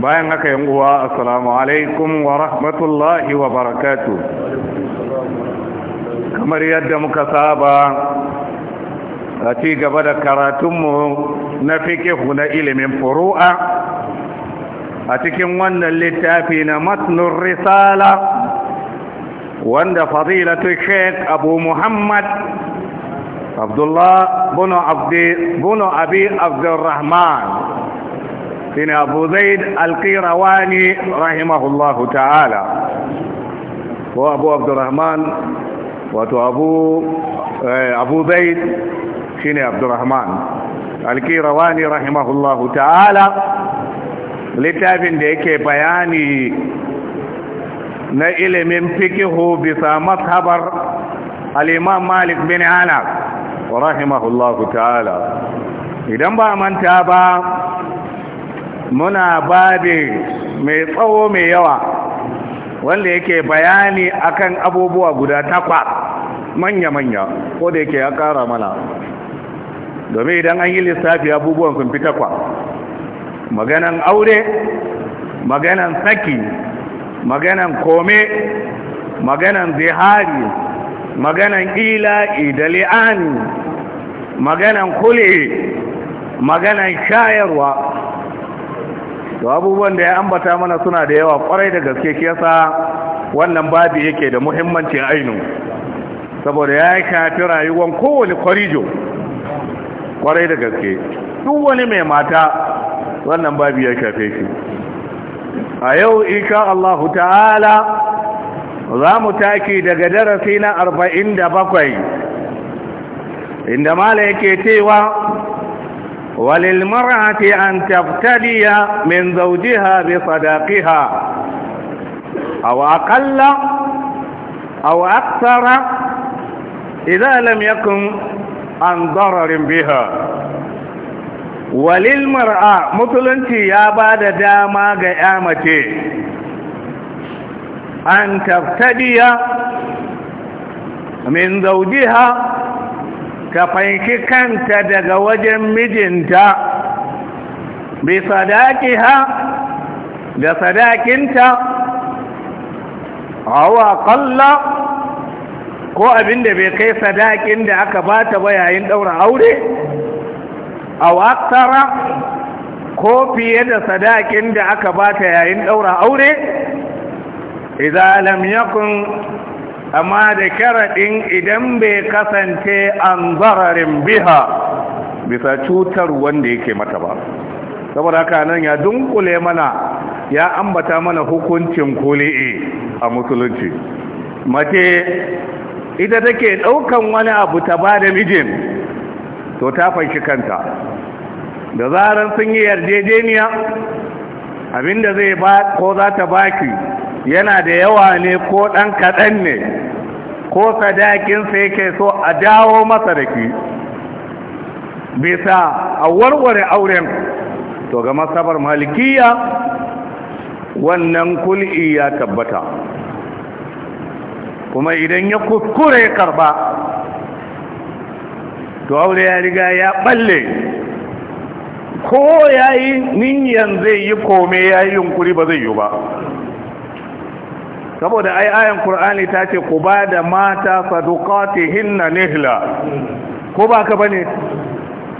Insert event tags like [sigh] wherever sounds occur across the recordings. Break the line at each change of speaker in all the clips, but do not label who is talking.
bayan haka yan uwa assalamu alaikum wa rahmatullahi wa barakatu kamar yadda muka saba a ci gaba da karatunmu na fikihu na ilimin furu'a a cikin wannan littafi na matnun risala wanda fadilatu sheik abu muhammad abdullah bunu abi abdurrahman ابن ابو زيد القيرواني رحمه الله تعالى هو ابو عبد الرحمن وتو ابو آه، ابو زيد ابن عبد الرحمن القيرواني رحمه الله تعالى لتابين ديك بياني نائل من فكه بسا مصحبر الامام مالك بن انس رحمه الله تعالى idan ba manta ba muna babi mai tsawo mai yawa wanda yake bayani akan abubuwa guda takwa manya-manya ko da yake ya kara mana domin idan an yi lissafi abubuwan sun fi takwa maganan aure maganan saki maganan kome maganan zihari maganan ila'i da li'ani maganan kule maganan shayarwa to abubuwan da ya ambata mana suna da yawa kwarai da gaske kiyasa wannan babu yake da muhimmancin ainu saboda ya yi kafi rayuwan kowane kwarijo kwarai da gaske duk wani mai mata wannan babu ya shafe shi a yau insha Allah ta'ala za mu taki daga darasi na arba'in da bakwai inda mala yake cewa وللمرأة أن تبتدي من زوجها بصداقها أو أقل أو أكثر إذا لم يكن عن ضرر بها وللمرأة مثل أنت يا بعد داما قيامتي أن تبتدي من زوجها ta fanki kanta daga wajen mijinta bi ha
da sadakinta
awa qalla ko abinda bai kai sadakin da aka bata ba yayin daura aure a aktara ko fiye da sadakin da aka bata yayin daura aure idza lam yakun amma da karaɗin idan bai kasance an zararin biha bisa cutar wanda yake mata ba saboda haka nan ya dunkule mana ya ambata mana hukuncin kuli'i e a musulunci mace ita take ɗaukan wani abu ta ba da mijin to ta fashi kanta da zarar sun yi yarjejeniya abinda zai ba ko za ta baki yana da yawa ne ko ɗan kaɗan ne ko sadakin sai ke so a dawo masa da ke bisa a warware auren to ga masabar malikiya wannan kul'i ya tabbata kuma idan ya kuskure karba to aure ya riga ya balle ko ya yi niyan zai yi kome ya yi yunkuri ba zai yi ba saboda ai ayan qur'ani ta ce ku ba da mata sadaqatihinna nihla ko ba ka bane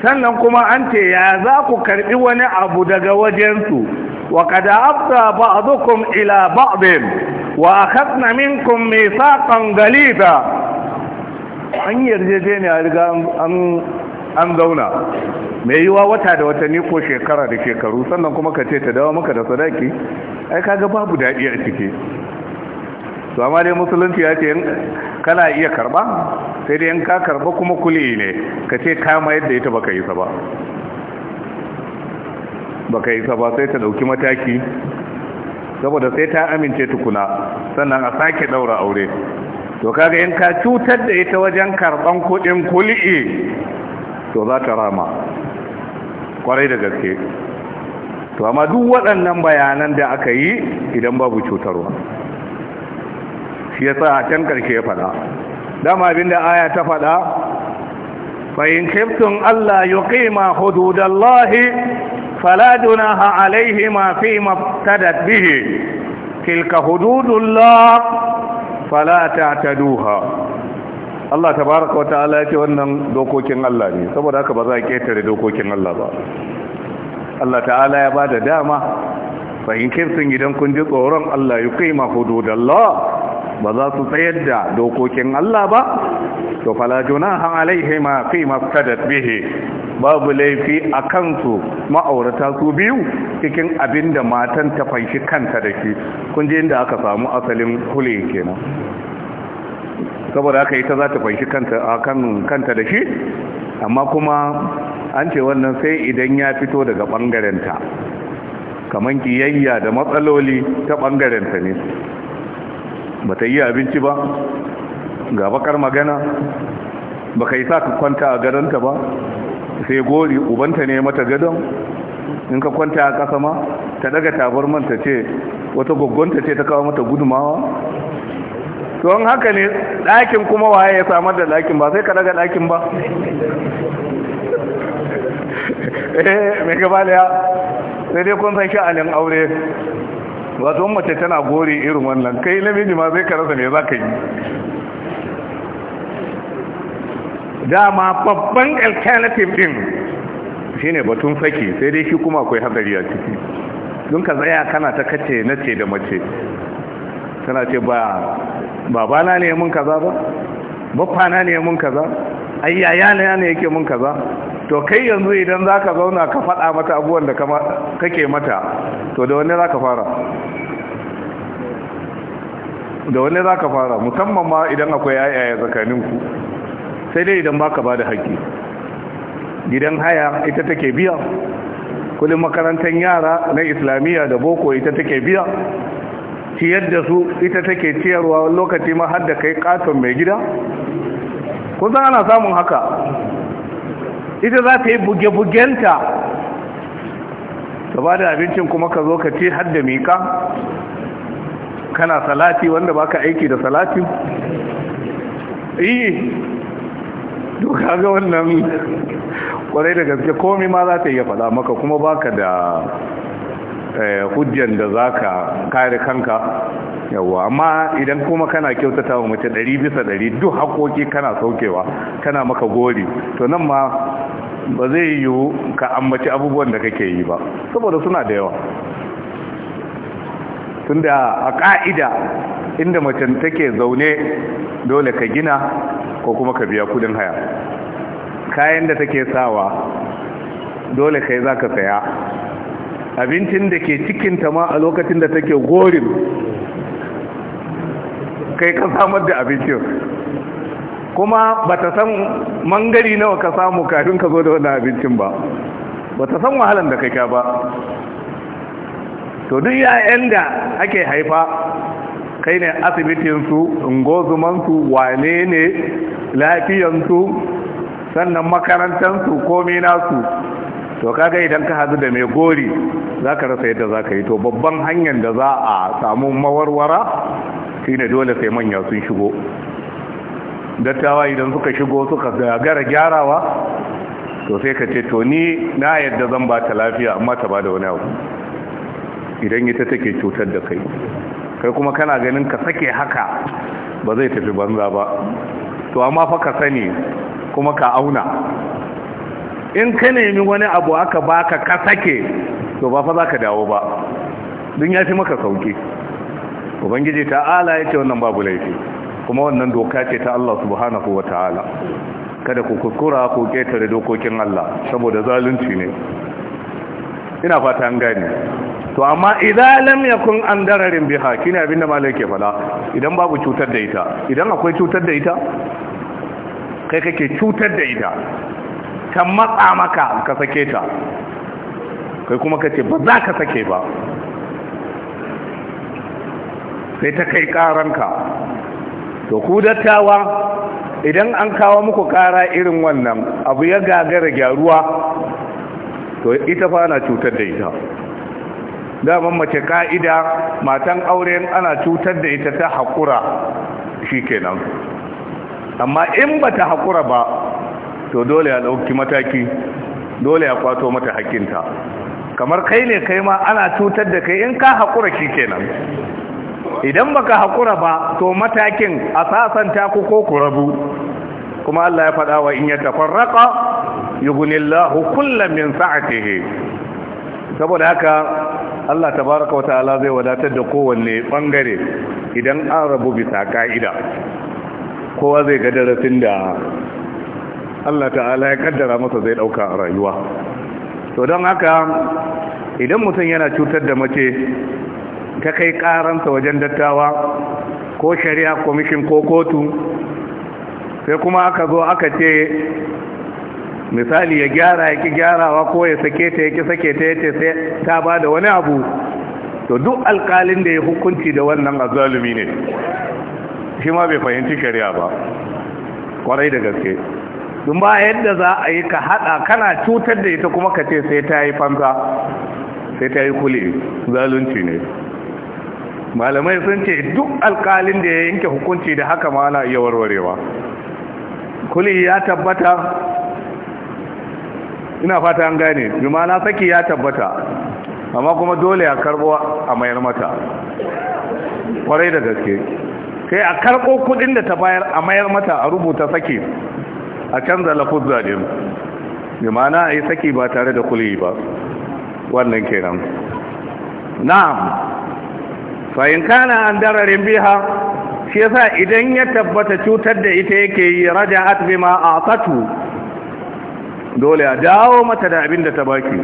sannan kuma an ce ya za ku karbi wani abu daga wajensu wa qad afta ba'dukum ila ba'd wa akhadna minkum mithaqan galiba an yarjejeniya riga an an zauna mai yiwa wata da watanni ko shekara da shekaru sannan kuma ka ce ta dawo maka da sadaki ai kaga babu daɗi a ciki to amma dai musulunci ya ce kana iya karba sai dai yan ka karba kuma kuli ne ka ce kama yadda ita baka yi saba ba baka yi saba sai ta dauki mataki saboda sai ta amince tukuna sannan a sake daura aure to kaga yan ka cutar da ita wajen karban kudin kul'i to za ta rama kwarai da gaske to amma duk waɗannan bayanan da aka yi idan babu cutarwa shi ya sa a can karshe ya fada dama abinda aya ta faɗa fa'in kiftun Allah yi ƙima hududallahi faladuna ha alaihi mafi maftadat bihi tilka hududullah falata ta duha Allah ta baraka wata ala ce wannan dokokin Allah ne saboda haka ba za a ƙetare dokokin Allah ba Allah ta'ala ya ba da dama fahim sun idan kun ji tsoron Allah yi kai mahududallah ba za su tsayar da dokokin Allah ba to falajuna han alaihe ma fi maftadat bihi babu laifi a kansu ma'aurata su biyu cikin abinda matan ta fanshi kanta da shi kun ji inda aka samu asalin hule kenan saboda aka yi ta za ta fanshi kanta da shi amma kuma an ce wannan sai idan ya fito daga ɓangarenta kaman kiyayya da matsaloli ta ɓangarenta ne ba ta yi abinci ba ga bakar magana ba ka yi sa ka kwanta a gadonta ba sai gori ubanta ne mata gadon in ka kwanta a ƙasa ma ta daga tabar ta ce wata gwaggonta ce ta kawo mata gudumawa don haka ne ɗakin kuma waye ya samar da ɗakin ba sai ka daga ɗakin ba [laughs] eh mai gaba da ya sai dai kun san sha'anin aure wato mace tana gori irin wannan kai namiji ma zai karasa rasa me za ka yi dama babban alternative din shine batun saki sai dai shi kuma akwai hadari a ciki don ka zaya kana ta kace na ce da mace tana ce ba babana ne mun kaza ba babbana ne mun kaza ai ya ne ne yake mun kaza to kai yanzu idan zaka zauna ka faɗa mata abubuwan da kake mata to da wanne zaka fara da wanne zaka fara musamman ma idan akwai yaya tsakaninku sai dai idan baka bada haƙƙi gidan haya ita take biya kullum makarantar yara na islamiyya da boko ita take biya ciyar da su ita take ciyarwa lokaci ma har da kai katon mai gida kun san ana samun haka ita za ta yi buge-bugenta ta ba da abincin kuma ka zo ka ce hadda mika kana salati wanda ba ka aiki da salati iyi doka ga wannan kwarai da gaske komi ma za ta iya faɗa maka kuma baka da eh, hujjan da za ka kare kanka yawa amma idan kuma kana kyautata wa mace ɗari bisa ɗari duk haƙoƙi kana saukewa kana maka gori to nan ma ba zai yiwu ka ambaci abubuwan da kake yi ba saboda suna da yawa tunda a ƙa'ida inda mace take zaune dole ka gina ko kuma ka biya kudin haya kayan da take sawa dole kai za ka saya abincin da ke cikinta ma a lokacin da take gorin kai ka samar da abincin kuma ba ta san mangari nawa ka samu kafin ka zo da wannan abincin ba ba ta san wahalan da kai ka ba to duk yayan da ake haifa kai ne asibitinsu ungozumansu wane ne lafiyansu sannan makarantansu komi nasu to kaga idan ka hadu da mai gori za ka rasa yadda za ka yi to babban hanyar da za a samu mawarwara shi ne dole sai manya sun shigo dattawa idan suka shigo suka gagara gyarawa to sai ka ce to ni na yadda zan ba ta lafiya amma ta ba da wani abu idan ita take cutar da kai kai kuma kana ganin ka sake haka ba zai tafi banza ba to amma fa ka sani kuma ka auna in ka nemi wani abu aka baka ka sake to ba fa za ka dawo ba don ya fi maka sauki ubangiji ta'ala ya ce wannan babu laifi kuma wannan doka ce ta Allah subhanahu wa ta'ala kada ku kuskura ku ƙetare dokokin Allah saboda zalunci ne ina fata an gane to amma idan lam yakun an dararin biha kina abinda malai ke fada idan babu cutar da ita idan akwai cutar da ita kai kake cutar da ita ta matsa maka ka sake ta kai kuma ka ce ba za ka sake ba sai ta kai karanka to ku dattawa idan an kawo muku ƙara irin wannan abu ya gagara gyaruwa to ita fa cutar da ita daman mace ka'ida matan aure ana cutar da ita ta haƙura shi kenan amma in ba ta haƙura ba to dole ya dauki mataki dole ya kwato mata hakinta kamar kai ne kai ma ana cutar da kai in ka hakura shi kenan idan baka hakura ba to matakin a ta ku ko ku rabu kuma Allah ya faɗa wa in ya tafarraqa yughnillahu kullam min sa'atihi saboda haka Allah tabaaraka wa ta'ala zai wadatar da kowanne bangare idan an rabu bisa ka'ida kowa zai ga darasin da Allah ta'ala ya kaddara masa zai dauka a rayuwa to don haka idan mutum yana cutar da mace ta kai karanta wajen dattawa ko shari'a commission ko kotu sai kuma aka zo aka ce misali ya gyara ya ki gyarawa ko ya sake ta ya ki sake ta ya sai ta ba da wani abu to duk alkalin da ya hukunci da wannan azalumi ne shi ma bai fahimci shari'a ba kwarai da gaske dun ba yadda za a yi ka hada kana cutar da ita kuma ka ce sai ta yi fanka sai ta yi kule zalunci ne malamai sun ce duk alkalin da ya yanke hukunci da haka ma ana iya warwarewa kuli ya tabbata ina fata an gane jumana saki ya tabbata amma kuma dole a karbo a mayar mata kwarai da gaske sai a karbo kudin da ta bayar a mayar mata a rubuta saki a canza lafuzza din bi mana a yi saki ba tare da kuli ba wannan kenan na'am fa kana an dararin biha shi yasa idan ya tabbata cutar da ita yake yi raja'at a katu dole a dawo mata da abin da ta baki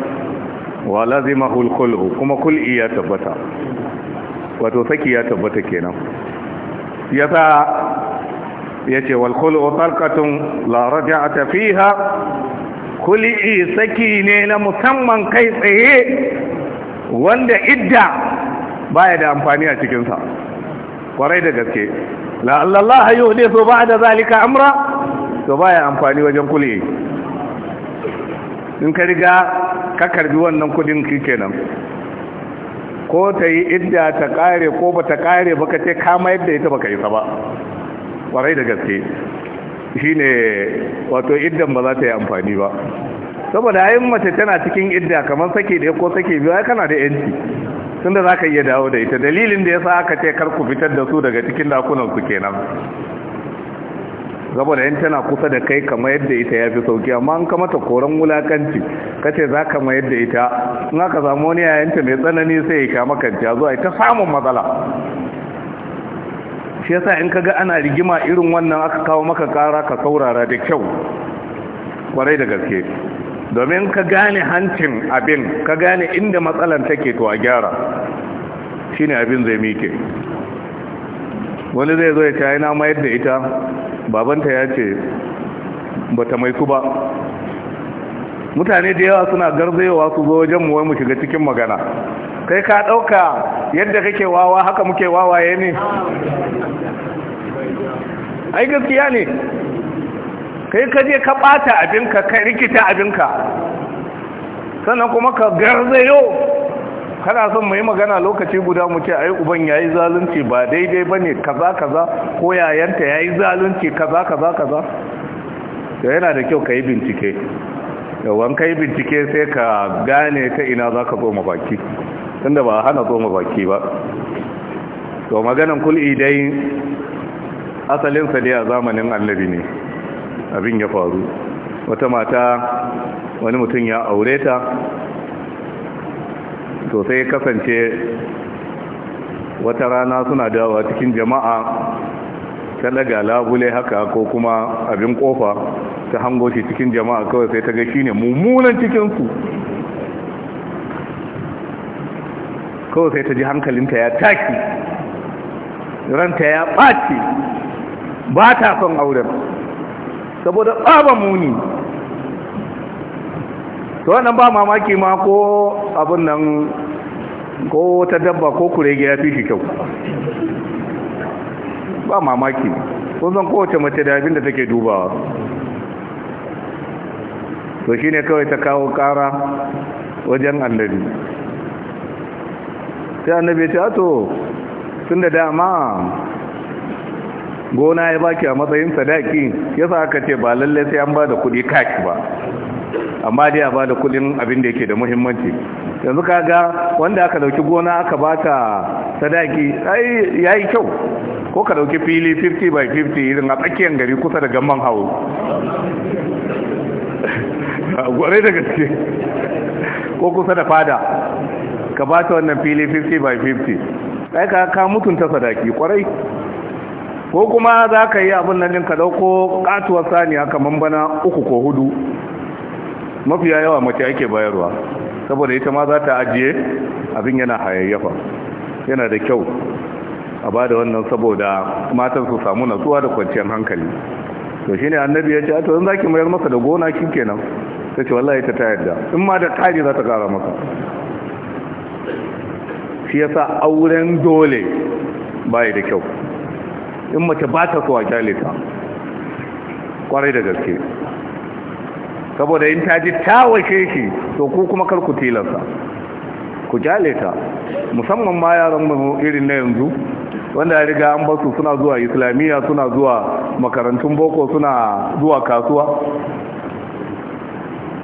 wa lazima al kuma kul'i ya tabbata wato saki ya tabbata kenan yasa ya wal khulu tarqatun la raj'ata fiha kuli'i saki ne na musamman kai tsaye wanda idda baya da amfani a cikinsa kwarai da gaske la'allallah yi hudu so ba da zalika amra to baya amfani wajen kuli'i in ka riga ka karbi wannan kudin kenan ko ta yi idda ta kare ko ba ta kare ka ce kama yadda ita ba ka yi ba kwarai da gaske shine wato idan ba za ta yi amfani ba saboda ayin mace tana cikin idda kamar sake da ko sake biyu ai kana da yanci tunda za ka iya dawo da ita dalilin da ya sa aka ce kar ku fitar da su daga cikin dakunan ke kenan saboda yan tana kusa da kai kamar yadda ita ya fi sauki amma an kamata koran wulakanci kace za ka mayar da ita in aka samu wani yayanta mai tsanani sai ya kama a zuwa ita samun matsala shi yasa in kaga ana rigima irin wannan aka kawo maka kara ka saurara da kyau kwarai da gaske domin ka gane hancin abin ka gane inda matsalan take to a gyara shine abin zai mike wani zai zo ya tayi na mayar da ita babanta ya ce bata mai su ba mutane da yawa suna garzayowa su zo wajen mu wai mu shiga cikin magana Sai ka ɗauka yadda kake wawa haka muke wawaye ne ai gaskiya ne kai ka je ka ɓata abinka ka rikita abinka sannan kuma ka garzayo kana son mai magana lokaci guda mu ce ai uban yayi zalunci ba daidai bane kaza kaza ko yayanta yayi zalunci kaza kaza kaza to yana da kyau kai bincike yawan kai bincike sai ka gane ta ina zaka zo baki. tunda ba hana tsoma baki ba to maganan kul'i dai asalinsa dai a zamanin annabi ne abin ya faru wata mata wani mutum ya aure ta to sai kasance wata rana suna dawa cikin jama'a ta daga labule haka ko kuma abin kofa ta hango shi cikin jama'a kawai sai ta ga shine mummunan cikinsu kawai sai ta ji hankalinta ya taki ranta ya ɓaci ba ta son auren saboda tsaba muni to wannan ba mamaki ma ko abin nan ko ta dabba ko kurege ya fi shi kyau ba mamaki kun san kowace mace da abin da take dubawa to ne kawai ta kawo kara wajen annabi sai annabi ya ah, to tun da dama gona ya baki a matsayin sadaki ya sa aka ce ba lallai sai an ba da kudi kaki ba amma dai a ba da kudin abin da yake da muhimmanci yanzu kaga wanda aka dauki gona aka baka sadaki ai yayi kyau ko ka dauki fili 50 by 50 irin a tsakiyar gari kusa da gamman hawo
[laughs]
gwarai da gaske ko kusa da fada ka ba ta wannan fili 50 by 50 ai ka ka mutunta sadaki kwarai ko kuma za ka yi abin nan ɗin ka ɗauko ƙatuwar saniya kamar bana uku ko hudu mafiya yawa mace ake bayarwa saboda ita ma za ta ajiye abin yana hayayyafa yana da kyau a ba da wannan saboda matan su samu natsuwa da kwanciyar hankali to shine annabi ya ce to zan zaki mayar masa da gona kenan ta ce wallahi ta ta yarda in ma da tari za ta kara maka shi sa auren dole bai da kyau in mace ba ta so a kyale kwarai da gaske saboda in ta ji ta washe shi to ku kuma kar ku tilasta ku kyale ta musamman ma yaran mu irin na yanzu wanda ya riga an basu suna zuwa islamiyya suna zuwa makarantun boko suna zuwa kasuwa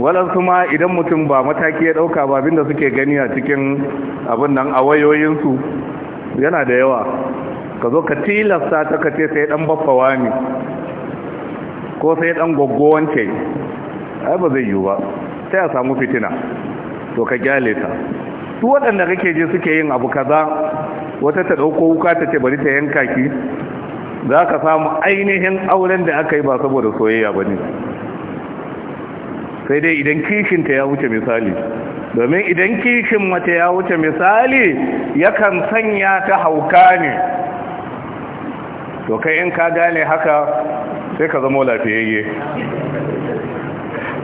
su ma idan mutum ba mataki ya ɗauka ba abinda suke gani a cikin abin nan a wayoyinsu yana da yawa ka zo ka tilasta ta ka sai dan baffawa ne ko sai dan goggowan ce ai ba zai yiwu ba sai a samu fitina to ka gyale ta su waɗanda kake je suke yin abu kaza wata ta ɗauko wuka ta ce bari ta yanka ki za ka samu ainihin auren da aka yi ba saboda soyayya ba ne sai dai idan kishinta ya wuce misali domin idan kishin mata ya wuce misali ya kan sanya ta hauka ne to kai in ka gane haka sai ka zama lafiyayye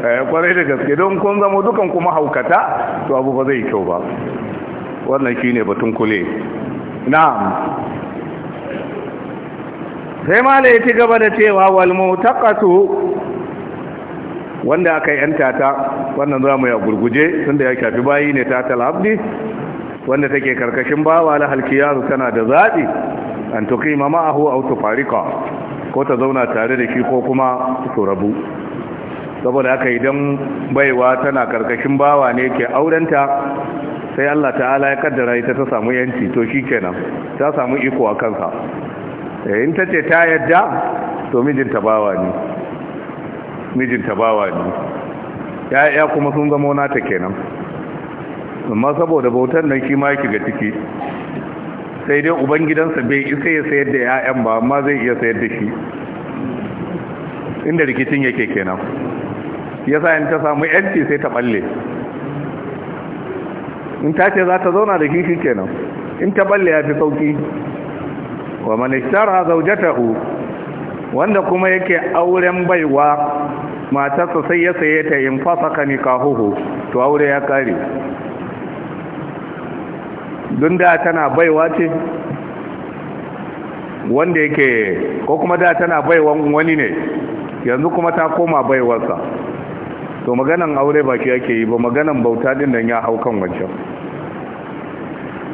eh, kwarai da gaske don kun zama dukan kuma haukata to abu ba zai kyau ba wannan shine batun kule na'am sai ma da ya ci gaba da cewa wal mutaqatu wanda aka yanta ta wannan za mu ya gurguje da ya shafi bayi ne ta abdi wanda take karkashin bawa la tana da zaɓi an ma ma'ahu aw farika ko ta zauna tare da shi ko kuma su rabu saboda haka idan baiwa tana karkashin bawa ne ke aurenta sai Allah ta'ala ya kaddara ita ta samu yanci to shi kenan ta samu iko a kansa eh, in ta ce ta yadda to mijinta bawa ne mijinta bawa ne ya'ya kuma sun zama ta kenan amma saboda bautar nan shi ma yake ga ciki sai dai ubangidansa bai isa ya sayar da ya'yan ba amma zai iya sayar da shi inda rikicin yake kenan Ya sa in ta samu yanci sai ta balle in ta ce za ta zauna da kishi kenan in ta balle ya fi sauki wa man ishtara zawjatahu wanda kuma yake auren baiwa matarsa sai ya saye ta in fasaka kahuhu, to aure ya kare don da tana baiwa ce wanda yake ko kuma da tana baiwan wani ne yanzu kuma ta koma baiwarsa to maganan aure ba ki yake yi ba maganan bauta din nan ya hau kan wancan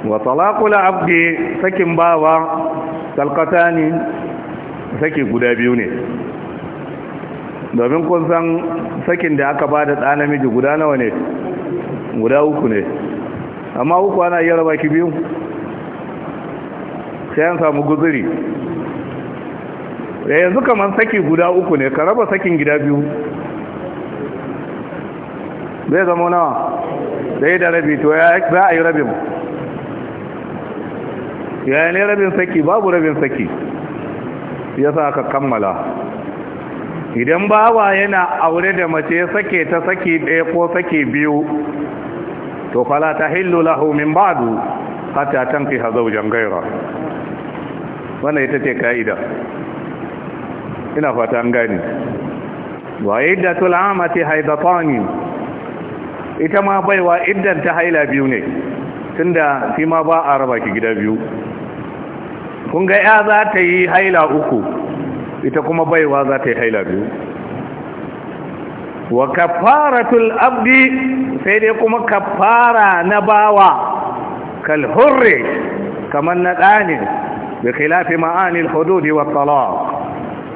wa talaqul abdi sakin bawa talqatani sake guda biyu ne domin kun san sakin da aka bada ɗa namiji guda nawa ne guda uku ne amma uku ana iya raba ki biyu sai an samu guzuri da eh, yanzu kamar saki guda uku ne ka raba sakin gida biyu zai zama nawa zai da rabi to ya za a yi rabin ya ne rabin saki babu rabin saki Ya sa aka kammala idan bawa yana aure da mace sake ta saki ɗaya ko saki biyu to fala hillu lahu min ba'du hatta tankiha zawjan jangaira wannan ita ce kaida ina fata an gani wa iddatul amati haidatani ita ma baiwa iddan ta haila biyu ne tunda shi ma ba a raba ki gida biyu kun ga ya za ta yi haila uku ita kuma baiwa za ta yi haila biyu wa kafaratul abdi sai dai kuma kafara na bawa kal hurri kamar na dani bi khilafi al hududi wa talaq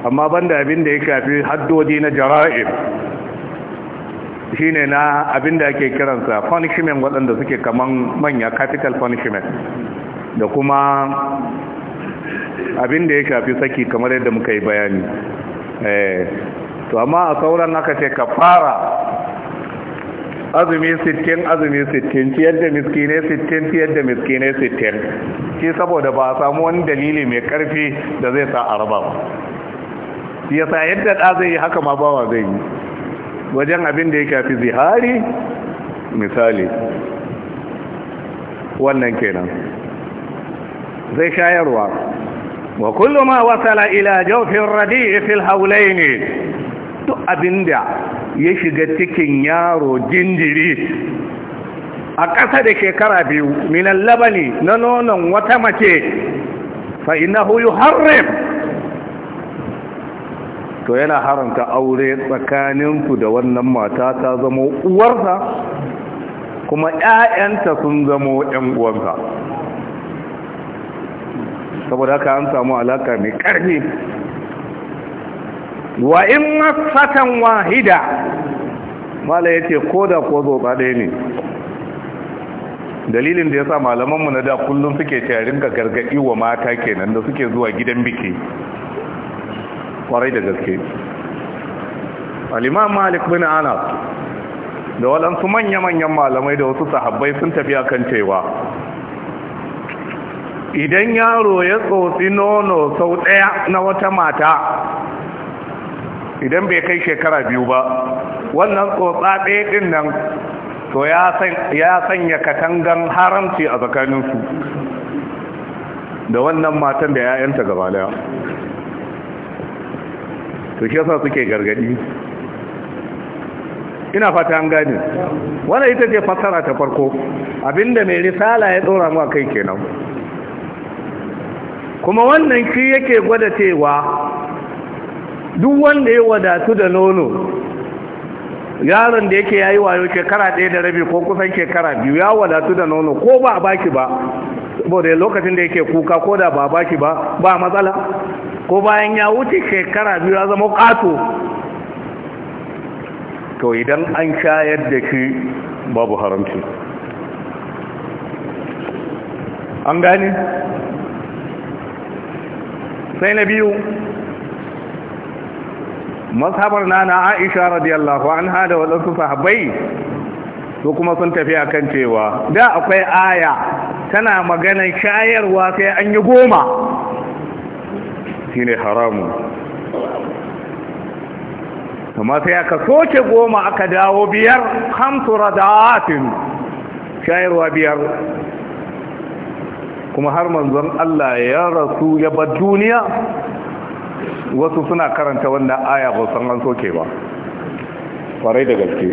amma banda abin da ya kafi haddodi na jara'ib shine na abin da ake kiransa punishment waɗanda suke kaman manya capital punishment da kuma abin da ya shafi saki kamar yadda muka yi bayani eh, to amma a sauran aka ce ka fara azumi sittin, azumi sittin, ci da miskine sittin, ci da miskine sittin. ci saboda ba a samu wani dalili mai karfi da zai sa a raba ba ya sa yadda ɗa zai yi haka ma bawa zai yi wajen abin da ya shafi zihari misali wannan kenan zai shayarwa وكل ما وصل إلى جوف الرديء haulai ne, duk abinda ya shiga cikin yaro jinjiri a ƙasa da shekara biyu minan labani na nonon wata mace fa'inahu yi harrim to yana haramta aure tsakaninku da wannan mata ta zamo uwarsa kuma ‘ya'yanta sun zamo ‘yan uwarsa. saboda haka an samu alaka mai karfi wa in masatan wahida mala yace koda ko zoba ɗaya ne dalilin da yasa malamanmu na da kullum suke tarin ka gargadi wa mata kenan da suke zuwa gidan biki kwarai da gaske al-imam malik bin anas da waɗansu manya-manyan malamai da wasu sahabbai sun tafi akan cewa idan yaro ya tsotsi nono sau ɗaya na wata mata idan bai kai shekara biyu ba wannan tsotsa ɗaya ɗin nan to ya sanya katangan haramci a tsakaninsu da wannan matan da ya'yanta gaba daya to shi yasa suke gargadi ina fata an gane wannan ita ce fassara ta farko abinda mai risala ya tsora mu kai kenan kuma wannan shi yake gwada cewa duk wanda ya wadatu da nono yaron da yake yayi wayo shekara ɗaya da rabi ko kusan shekara biyu ya wadatu da nono ko ba a baki ba saboda lokacin da yake kuka ko da ba a baki ba ba matsala ko bayan ya wuce shekara biyu ya zama ƙato to idan an shayar da shi babu haramci an gani sai na biyu na, na aisha radiyallahu An hada waɗansu sahabai. su kuma sun tafi a kan cewa da akwai aya tana maganar shayarwa sai an yi goma shine haramu kuma sai aka soke goma aka dawo biyar hamsu radawatin shayarwa biyar kuma har manzon Allah ya rasu ya bar duniya wasu suna karanta wannan aya ba san an soke ba Farai da gaske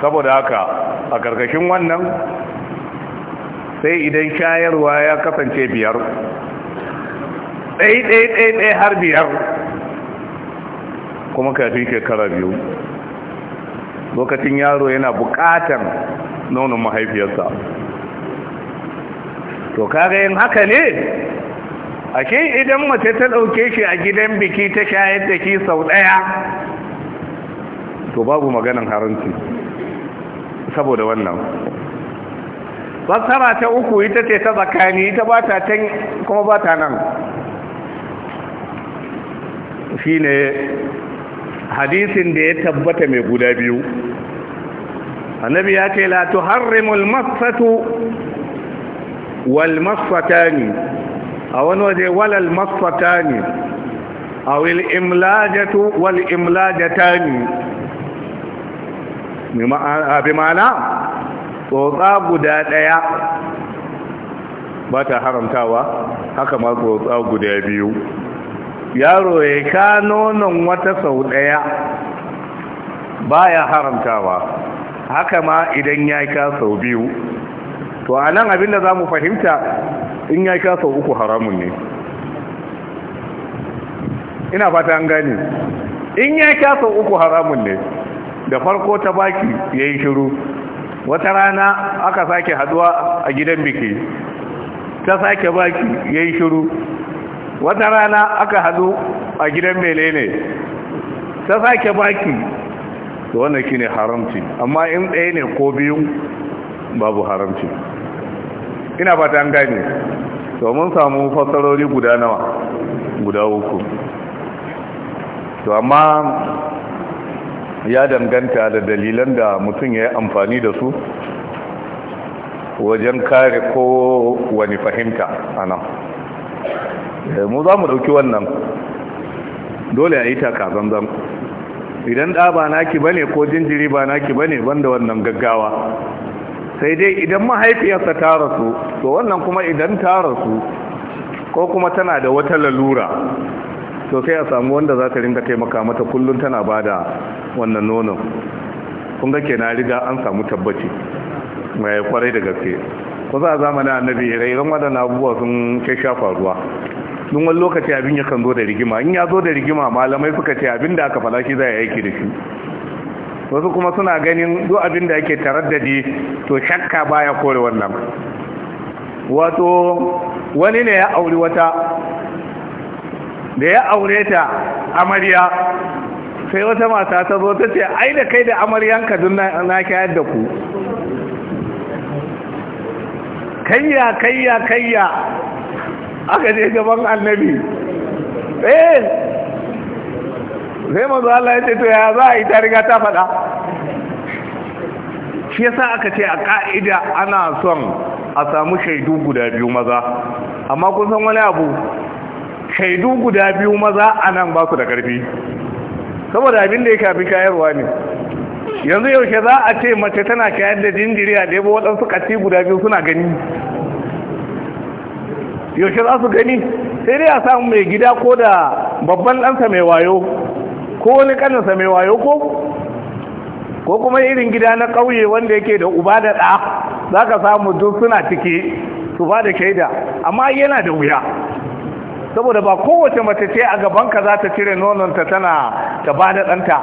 saboda haka a gargashin wannan sai idan shayarwa ya kasance biyar ɗai har biyar kuma kafin shekara biyu lokacin yaro yana buƙatar nonon mahaifiyarsa to kaga yin haka ne ashe idan mace ta ɗauke shi a gidan biki ta shayar da shi sau ɗaya to babu maganan haramci saboda wannan fassara ta uku ita ce ta tsakani ita ba ta can kuma ba ta nan shi ne hadisin da ya tabbata mai guda biyu annabi ya ce la tuharrimul masatu wal a wani waje walal masfatani a wil wal’imlajatani abi imlajatani ma'ana tsotsa guda ɗaya ba ta haramtawa haka ma tsotsa guda biyu yaro ya ka nonon wata sau ɗaya ba ya haramtawa haka ma idan ya ka sau biyu to a nan abin da za mu fahimta in ya sha sau uku haramun ne ina fata an gani. in ya sha sau uku haramun ne da farko ta baki ya yi shiru wata rana aka sake haduwa a gidan biki ta sake baki ya yi shiru wata rana aka hadu a gidan mele ne ta sake baki da wannan shi ne haramci amma in ɗaya ne ko biyu babu haramci ina fata an gane to mun samu fasarori guda nawa guda uku to amma ya danganta da dalilan da mutum ya yi amfani da su wajen kare ko wani fahimta anan eh, mu za mu ɗauki wannan dole a yi zanzan. idan ɗa ba naki bane ko jinjiri ba naki bane banda wannan gaggawa sai dai idan mahaifiyarsa ta rasu to wannan kuma idan ta rasu ko kuma tana da wata lalura to sai a samu wanda za ta ringa taimaka mata kullum tana ba da wannan nonon kun ga ke na riga an samu tabbaci mai kwarai da gaske kusa a zamanin annabi ire-iren waɗanda abubuwa sun kai shafa ruwa dun wani lokaci abin ya kan zo da rigima in ya zo da rigima malamai suka ce abin da aka shi za a aiki da shi wasu kuma suna ganin duk abin da ake taraddadi to shakka baya kore wannan wato wani ne ya auri wata da ya aure ta amarya sai wata mata ta zo ta ce ai da kai da amaryanka dun na kayar da ku kayya kayya kayya aka je gaban annabi eh sai manzo Allah ya ce to ya za a yi ta riga ta faɗa shi yasa aka ce a ka'ida ana son a samu shaidu guda biyu maza amma kun san wani abu shaidu guda biyu maza a nan ba su da ƙarfi saboda abin da ya kafi kayarwa ne yanzu yaushe za a ce mace tana kayar da jinjiri a ɗaya waɗansu ƙarfi guda biyu suna gani yaushe za su gani sai dai a samu mai gida ko da babban ɗansa mai wayo ko wani kaninsa mai wayo ko ko kuma irin gida na ƙauye wanda yake da uba da ɗa za ka samu duk suna ciki su ba da shaida amma yana da wuya saboda ba kowace mace ce a gabanka za ta cire nononta tana ta ba da ɗanta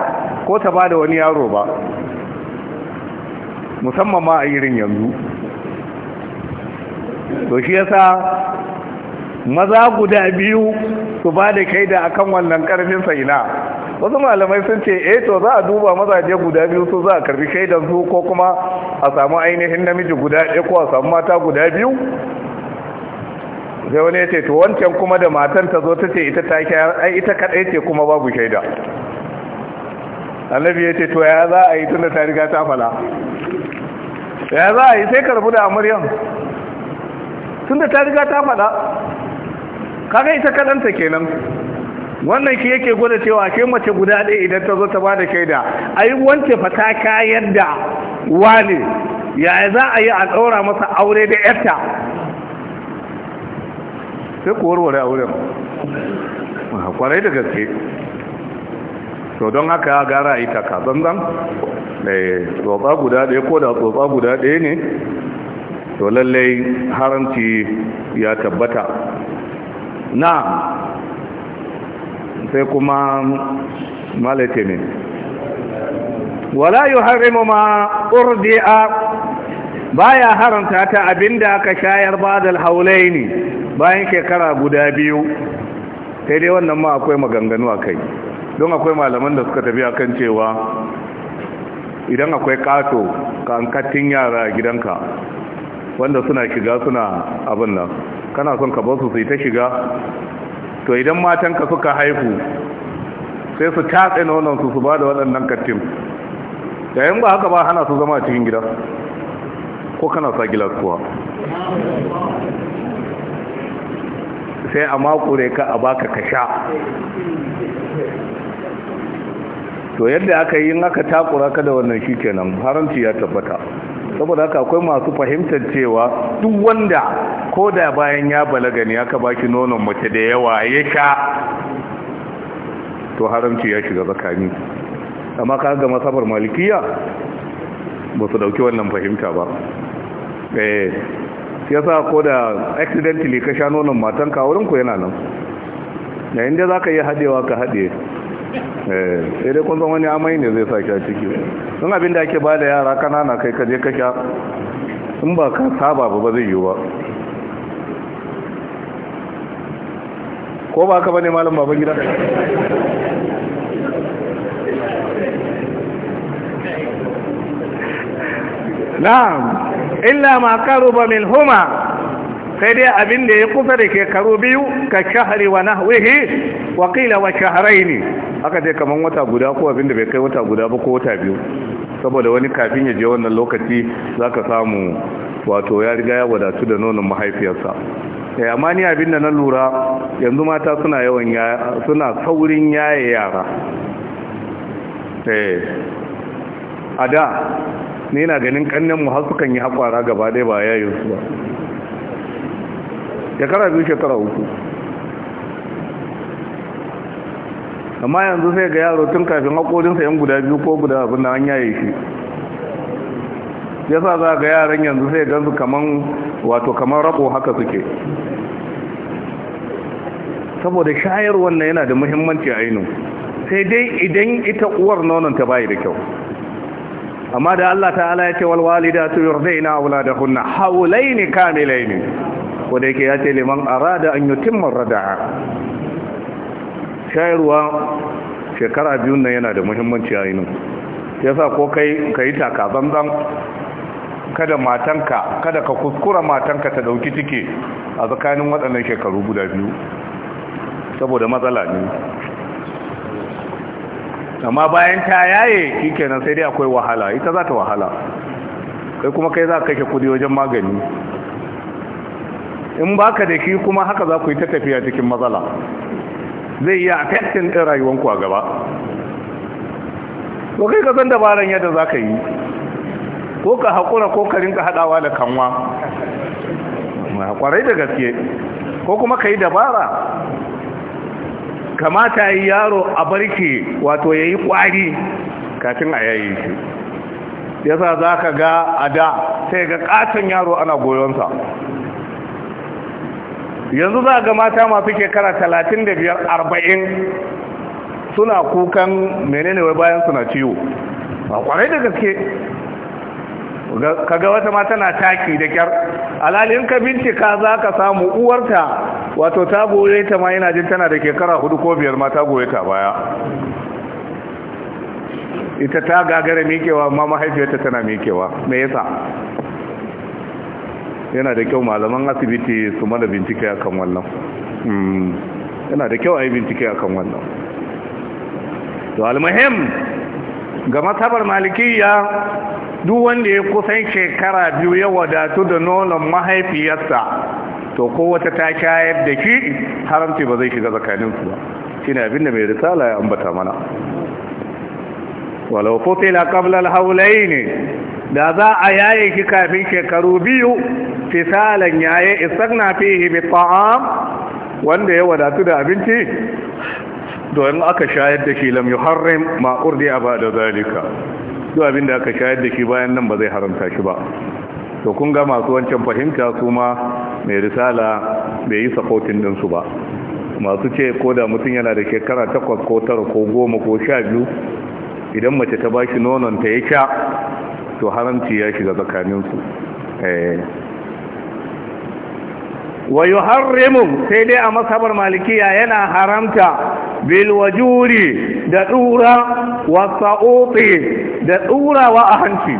ko ta ba da wani yaro ba musamman ma a irin yanzu to shi yasa maza guda biyu su ba da shaida akan wannan karfin ina wasu malamai sun ce eh to za a duba mazaje guda biyu su za a karbi shaidan su ko kuma a samu ainihin namiji guda ɗaya ko a samu mata guda biyu Zai wani ya ce to wancan kuma da matan ta zo ta ce ita ta ai ita kaɗai ce kuma babu shaida annabi ya ce to ya za a yi tunda ta riga ta fala ya za a yi sai karbu da amaryan tunda ta riga ta fada kaga ita kaɗanta kenan wannan shi yake gwada cewa ke mace guda ɗaya idan ta zo ta ba da shaida yi wance fata kayan da wani yaya za a yi a ɗaura masa aure da yarta sai ku warware auren kwarai ah, da gaske to don haka ya gara a yi taka zanzan eh, tsotsa guda ɗaya ko da tsotsa guda ɗaya ne to lallai haramci ya tabbata na sai kuma malaita ne wala yi harimu ma ƙurdi'a ba ya haramta ta abin da aka shayar ba da haulai ne bayan shekara guda biyu sai dai wannan ma akwai maganganu a kai don akwai malaman da suka tafi akan cewa idan akwai kato kankatin yara gidanka wanda suna shiga suna abin nan kana son ka ba su ta shiga to idan matanka suka haihu sai su tatse nononsu su ba da waɗannan kattin yayin ba haka ba hana su zama a cikin gida ko kana sa gila kuwa sai a makure ka a baka ka sha to yadda aka yi aka takura ka da wannan shi kenan haramci ya tabbata saboda haka akwai masu fahimtar cewa duk wanda ko da bayan ya balaga ne aka baki nonon mace da yawa ya sha to haramci ya shiga zakani amma ka ga masabar malikiya ba su dauki wannan fahimta ba eh yasa ko da accidentally ka sha nonon matan ka wurin ku yana nan da da zaka yi hadewa ka hade eh sai dai kun san wani amai ne zai saki a ciki don abin da ake bada da yara kanana kai ka je ka sha in ba ka saba ba ba zai yi ba ko ba ka bane malam baban gida na'am illa ma karuba min huma sai dai abin da ya kusa da shekaru biyu ka shahari wa nahwihi wa qila wa haka je kaman wata guda ko abin da bai kai wata guda ba ko wata biyu saboda wani kafin ya je wannan lokaci zaka samu wato ya riga ya wadatu da nonon mahaifiyarsa kai eh, amma ni abin da na lura yanzu mata suna yawan suna saurin yaye yara eh, a da ne na ganin kannen mu har sukan yi haƙwara gaba ɗaya ba yayin su ba shekara biyu shekara uku amma yanzu sai ga yaro tun kafin haƙorinsa yan guda biyu ko guda abin da an yaye shi yasa za ga yaran yanzu sai gansu kaman wato kamar rabo haka suke saboda shayar wannan yana da muhimmanci a ainu sai dai idan ita uwar nonon ta bayi da kyau amma da Allah ta'ala ya ce wal walidatu yurdaina auladahunna haulaini kamilaini wanda yake ya ce liman arada an yutimma rada'a shayarwa shekara biyun nan yana da muhimmanci a ainu yasa ko kai kai zan. kada matanka kada ka kuskura matanka ta dauki ciki a tsakanin waɗannan shekaru guda biyu saboda matsala ne amma bayan ta yaye shikenan sai dai akwai wahala ita za ta wahala kai kuma kai za ka kashe kudi wajen magani in baka da shi kuma haka za ku yi ta tafiya cikin matsala zai iya affecting ɗin rayuwanku a gaba ba kai ka san dabaran yadda za ka yi ko ka haƙura ko ka rinka haɗawa da kanwa kwarai da gaske ko kuma ka yi dabara kamata yi yaro a barke wato ya yi kwari kafin a yayi shi yasa za ka ga a da sai ga katon yaro ana goyonsa yanzu za ga mata masu shekara talatin da biyar arba'in suna kukan menene wai bayan suna ciwo ba kwarai da gaske kaga wata ma tana taki da kyar alhalin ka bincika za ka samu uwarta wato ta goye ta ma yana jin tana da kekara hudu ko biyar ma ta goye ta baya ita ta gagara mikewa amma mahaifiyarta tana mikewa me yasa yana da kyau malaman asibiti su mana bincike akan wannan hmm. yana da kyau a yi bincike akan wannan to almuhim ga masabar malikiya duk wanda ya kusan shekara biyu ya wadatu da nonon mahaifiyarsa to ko ta shayar da shi haramci ba zai shiga tsakaninsu ba shi ne abinda mai risala ya ambata mana walau fotila kablal haulai ne da za a yaye shi kafin shekaru biyu fisalan yaye isagna fihi bi ta'am wanda ya wadatu da abinci domin aka shayar da shi lam yuharrim ma urdi aba da zalika duk abin da aka shayar da shi bayan nan ba zai haramta shi ba to kun ga masu wancan fahimta su ma mai risala bai yi sakotin ɗinsu ba masu ce ko da mutum yana da shekara takwas ko tara ko goma ko sha biyu idan mace ta bashi nonon ta ya sha to haramci ya shiga tsakaninsu eh. wayo harimun sai dai a masabar malikiya yana haramta bilwajuri da tsura wa sa'ofe da tsurawa a hanci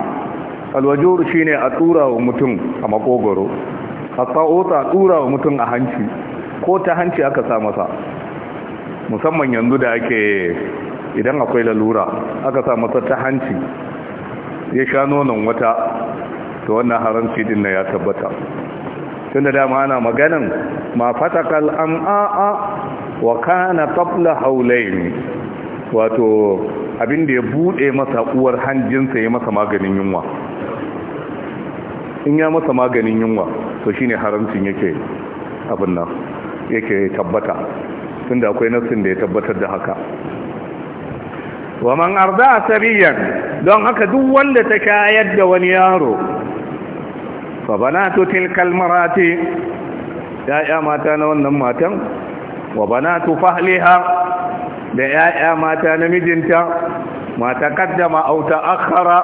alwajuru shine a tsura wa mutum a makogoro a sa'ofe a wa mutum a hanci ko ta hanci aka sa masa musamman yanzu da ake idan akwai lalura aka sa masa ta hanci ya sha nonon wata to wannan haramci din na ya tabbata tun da dama ana maganin ma fatakal am'a'a wa kana qabla ne? wato abin da ya bude masa uwar hanjinsa ya masa maganin yunwa in ya masa maganin yunwa to shine haramcin yake abin nan yake tabbata tunda akwai nassin da ya tabbatar da haka wa man arda sariyan don haka duk wanda ta kayar da wani yaro fa banatu tilkal marati ya ya mata na wannan matan wa banatu fahliha da ya'ya mata na mijinta ma taqaddama aw ta'akhkhara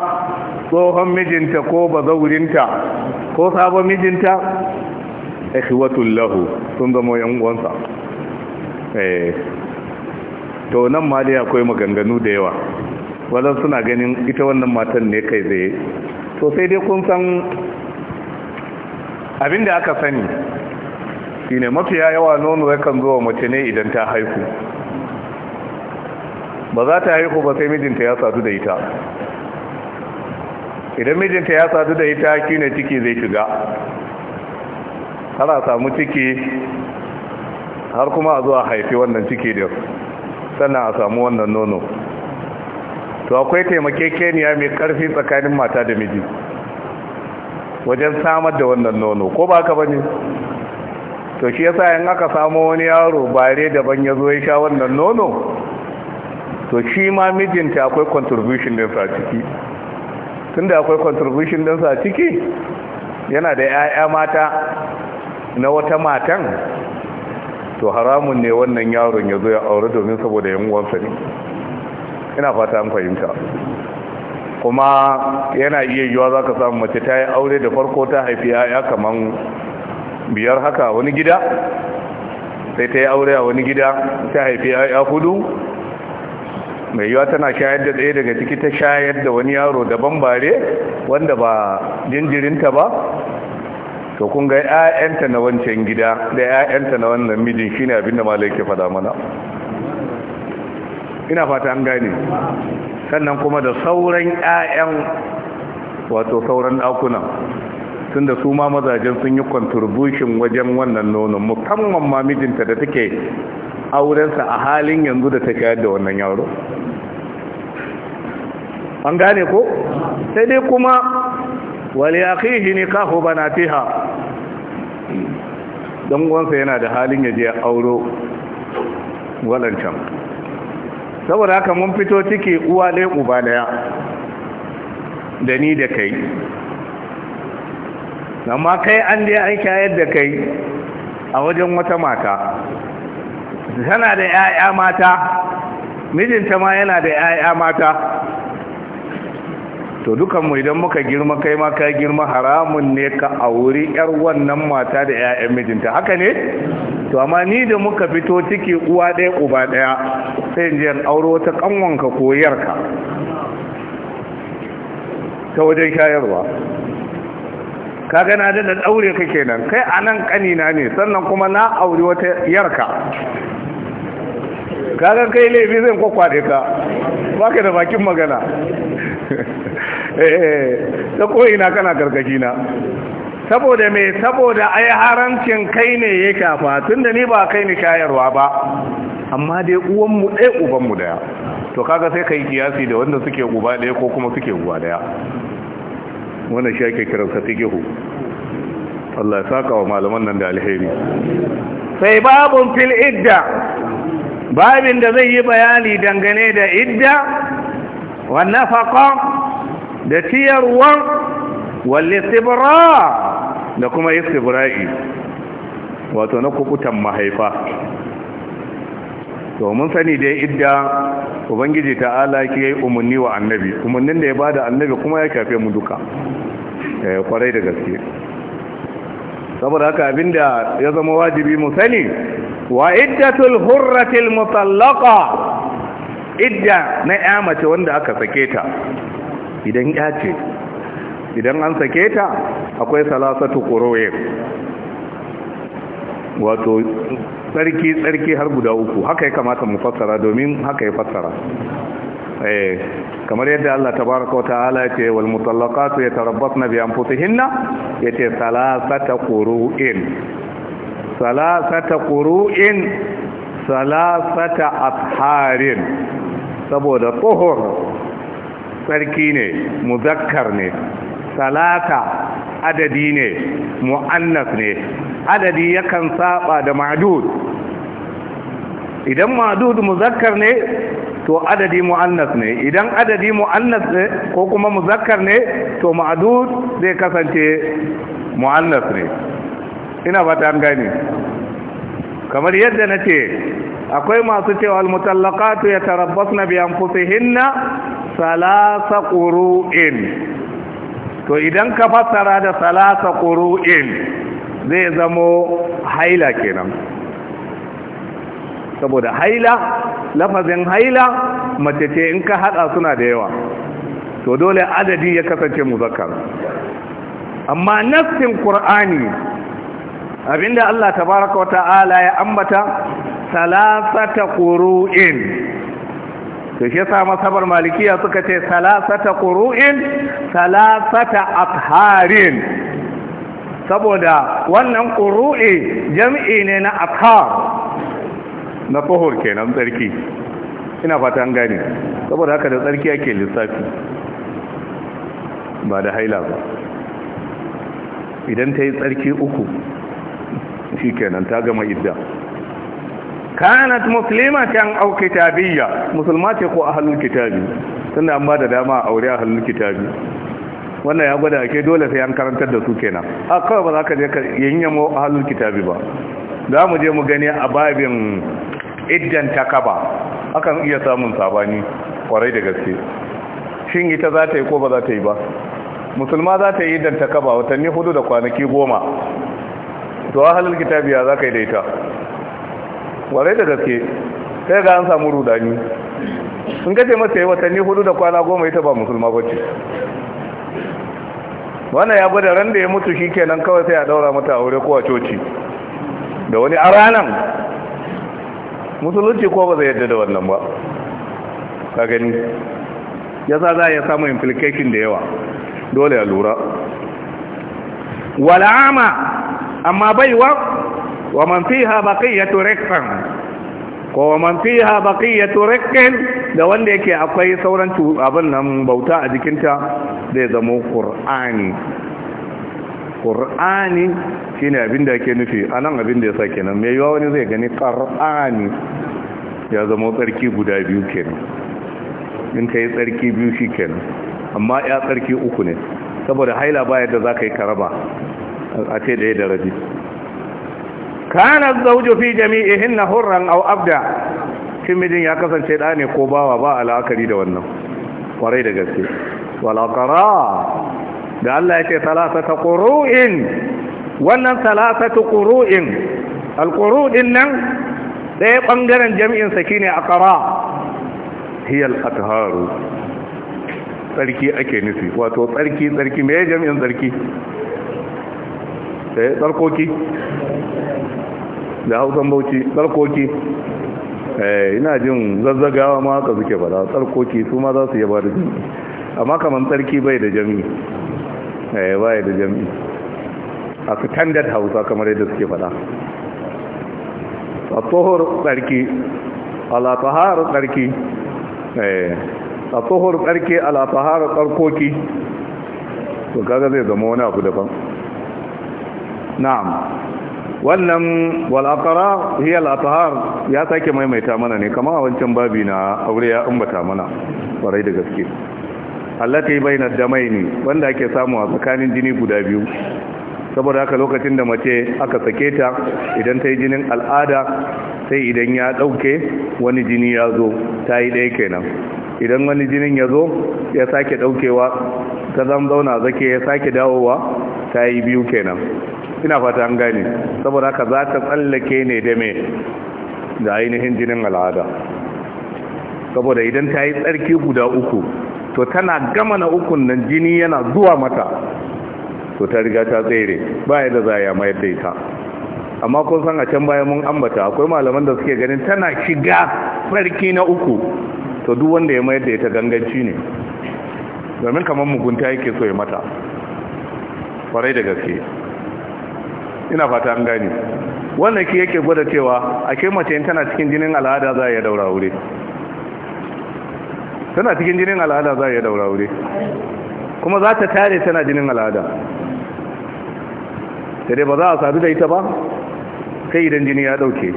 tsohon mijinta ko bazaurinta ko sabon mijinta ikhwatul lahu sun zama yan uwansa eh to nan ma dai akwai maganganu da yawa wannan suna ganin ita wannan matan ne kai zai to sai dai kun san abinda aka sani ne mafiya yawa nono yakan zo wa mace ne idan ta haihu ba za ta haihu ba sai mijinta ya sadu da ita idan mijinta ya sadu da ita ne ciki zai shiga har a samu ciki har kuma a zuwa haifi wannan ciki da sannan a samu wannan nono to akwai taimakekeniya mai karfi tsakanin mata da miji wajen samar da wannan nono ko ba ka bane to shi yasa in aka samu wani yaro bare daban ya zo ya sha wannan nono to shi ma mijinta akwai contribution din a ciki tunda akwai contribution din a ciki yana da 'ya'ya mata na wata matan to haramun ne wannan yaron ya zo ya aure domin saboda yan uwansa ne ina fata an fahimta kuma yana iya yiwa za ka samu mace ta yi aure da farko ta haifi 'ya'ya kaman biyar haka wani gida sai ta yi aure a wani gida ta haifi ya hudu mai yiwa tana shayar da ɗaya daga ciki ta shayar da wani yaro daban bare wanda ba jinjirinta ba to kun ga 'ya'yanta na wancan gida da 'ya'yanta na wannan mijin shine abinda malai ke faɗa mana ina fata an gane sannan kuma da sauran 'ya'yan wato sauran ɗakunan tunda su ma mazajen sun yi contribution wajen wannan nonon musamman ma mijinta da take aurensa a halin yanzu da ta shayar da wannan yaro an gane ko
sai dai kuma
wali akhihi bana banatiha don uwansa yana da halin yaje ya auro waɗancan saboda haka mun fito ciki uwa ɗaya uba ɗaya da ni da kai amma kai an dai an kya da kai a wajen wata mata tana da 'ya'ya mata mijinta ma yana da 'ya'ya mata to dukanmu idan muka girma kai ma ka girma haramun ne ka auri yar wannan mata da 'ya'yan mijinta haka ne to amma ni da muka fito ciki uwa ɗaya uba ɗaya sai in auro wata kanwanka ko yarka ta wajen shayarwa kaga na da daure ka kenan kai a nan kanina ne sannan kuma na auri wata yarka Ka gan kai laifi zan kwakwade ka ka da bakin magana [laughs] eh, eh, ta ko'ina kana gargajina. na saboda mai saboda ai harancin kai ne ya shafa tun da ni ba kai ni shayarwa ba amma dai uwanmu ɗaya ubanmu daya to kaga sai ka yi kiyasi da wanda suke uba ɗaya ko kuma suke uba daya wannan shi ake kiransa tigihu. Allah ya saka wa malaman nan da alheri sai babun fil idda babin da zai yi bayani dangane da idda wa nafaqa da tiyarwa wal istibra da kuma istibra'i wato na kukutan mahaifa to mun sani dai idda ubangiji ta'ala ya yi umarni wa annabi umarnin da ya bada annabi kuma ya shafe mu duka eh, kwarai da gaske saboda haka abinda ya zama wajibi mu sani wa iddatul hurratil mutallaqa idda na ya mace wanda aka sake ta idan ya ce idan an sake ta akwai salasatu quruwe wato tsarki tsarki har guda uku haka ya kamata mu fassara domin haka ya fassara eh kamar yadda Allah tabaraka wa ta'ala ya ce wal mutallaqatu yatarabbasna bi anfusihinna yace salasata qurun salasata qurun salasata atharin saboda tuhur sarki ne muzakkar ne salata adadi ne mu'annas ne adadi yakan saba da ma'dud idan ma'dud muzakkar ne to adadi mu'annas ne idan adadi mu'annas ne ko kuma muzakkar ne to ma'dud zai kasance mu'annas ne ina ba ta gane kamar yadda na ce akwai masu cewa almutallaqatu yatarabbasna bi anfusihinna salasa qurun to idan ka fassara da salasa qurun zai zamo haila kenan saboda haila lafazin haila mace ce in ka hada suna da yawa to dole adadi ya kasance muzakkar amma nassin qur'ani abinda Allah tabaraka wata'ala ya ambata salasata quru'in to shi yasa masabar malikiya suka ce salasata quru'in salasata atharin saboda wannan ƙuru'i jam'i ne na akar na ke kenan tsarki ina fata an gane saboda haka da tsarki yake lissafi ba da haila ba idan ta yi tsarki uku shi kenan ta gama idda kanat muslimatan au kitabiyya musulma ce ko ahlul kitabi tunda an ba da dama aure ahlul kitabi wannan ya gwada ake dole sai an karantar da su kenan a kawai ba za ka je ka yanyamo a halin kitabi ba za mu je mu gani a babin idan takaba akan iya samun sabani kwarai da gaske shin ita za ta yi ko ba za ta yi ba musulma za ta yi idan takaba watanni hudu da kwanaki goma to a halin kitabi ya za ka yi da ita kwarai da gaske sai ga an samu rudani in gaje masa yi watanni hudu da kwana goma ita ba musulma ba ce wannan ya gwada ran da ya mutu shi kenan kawai sai a daura mata aure ko a coci da wani a musulunci ko ba zai yadda da wannan ba ka gani ya sa za a iya samun implication da yawa dole a lura wal'ama amma baiwa wa man fiha baqiyatu rikkan ko wa man fiha baqiyatu rikkan da wanda yake akwai sauran abin nan bauta a jikinta zai zama ƙur'ani ƙur'ani shi ne abin da ake nufi a nan abin da ya sa kenan mai yiwa wani zai gani ƙar'ani ya zama tsarki guda biyu kenan in ka yi tsarki biyu shi kenan amma ya tsarki uku ne saboda haila baya yadda za ka yi karaba a ce ɗaya da raji. kana zaujo fi jami'ihin na hurran au abda shin mijin ya kasance da ne ko bawa ba al'akari da wannan kwarai da gaske walakara da Allah ya ce talatata ƙuru'in wannan talatata ƙuru'in alƙuru'in nan ɗaya ɓangaren jami'in saki ne a ƙara hiyar ataharu tsarki ake nufi wato tsarki tsarki mai sarki? tsarki eh, tsarkoki da hausan bauchi tsarkoki Eh, ina jin zazzagawa ma haka suke fada tsarkoki su ma za su yaba da jami'i amma kamar tsarki bai da jami'i eh bai da jami'i a standard hausa kamar yadda suke fada a tsohor tsarki alatahar tsarki eh, a tsohor tsarki alatahar tsarkoki to kaga zai zama wani abu daban na'am wannan wal'akara hiyar latahar ya sake maimaita mana ne kama a wancan babi na aure ya ambata mana kwarai da gaske yi bainar damai ne wanda ake samu a tsakanin jini guda biyu saboda haka lokacin da mace aka sake ta idan ta yi jinin al'ada sai idan ya ɗauke wani jini ya zo ta yi ɗaya kenan idan wani jinin ya zo ya sake ɗaukewa ta zama zauna zake ya sake dawowa ta yi biyu kenan ina fata an gani saboda haka za ka tsallake ne da me da ainihin jinin al'ada saboda idan ta yi tsarki guda uku to tana gama na ukun nan jini yana zuwa mata to ta riga ta tsere ba da za a mayar da ita amma kun san a can baya mun ambata akwai malaman da suke ganin tana shiga tsarki na uku to duk wanda ya mayar da ita ganganci ne domin kamar mugunta yake so ya mata kwarai da gaske ina fata an gani. wannan ki yake gwada cewa a ke mace tana cikin jinin al'ada za a iya daura wuri tana cikin jinin al'ada za a iya daura wuri kuma za ta tare tana jinin al'ada da dai ba za a sadu da ita ba sai idan jini ya dauke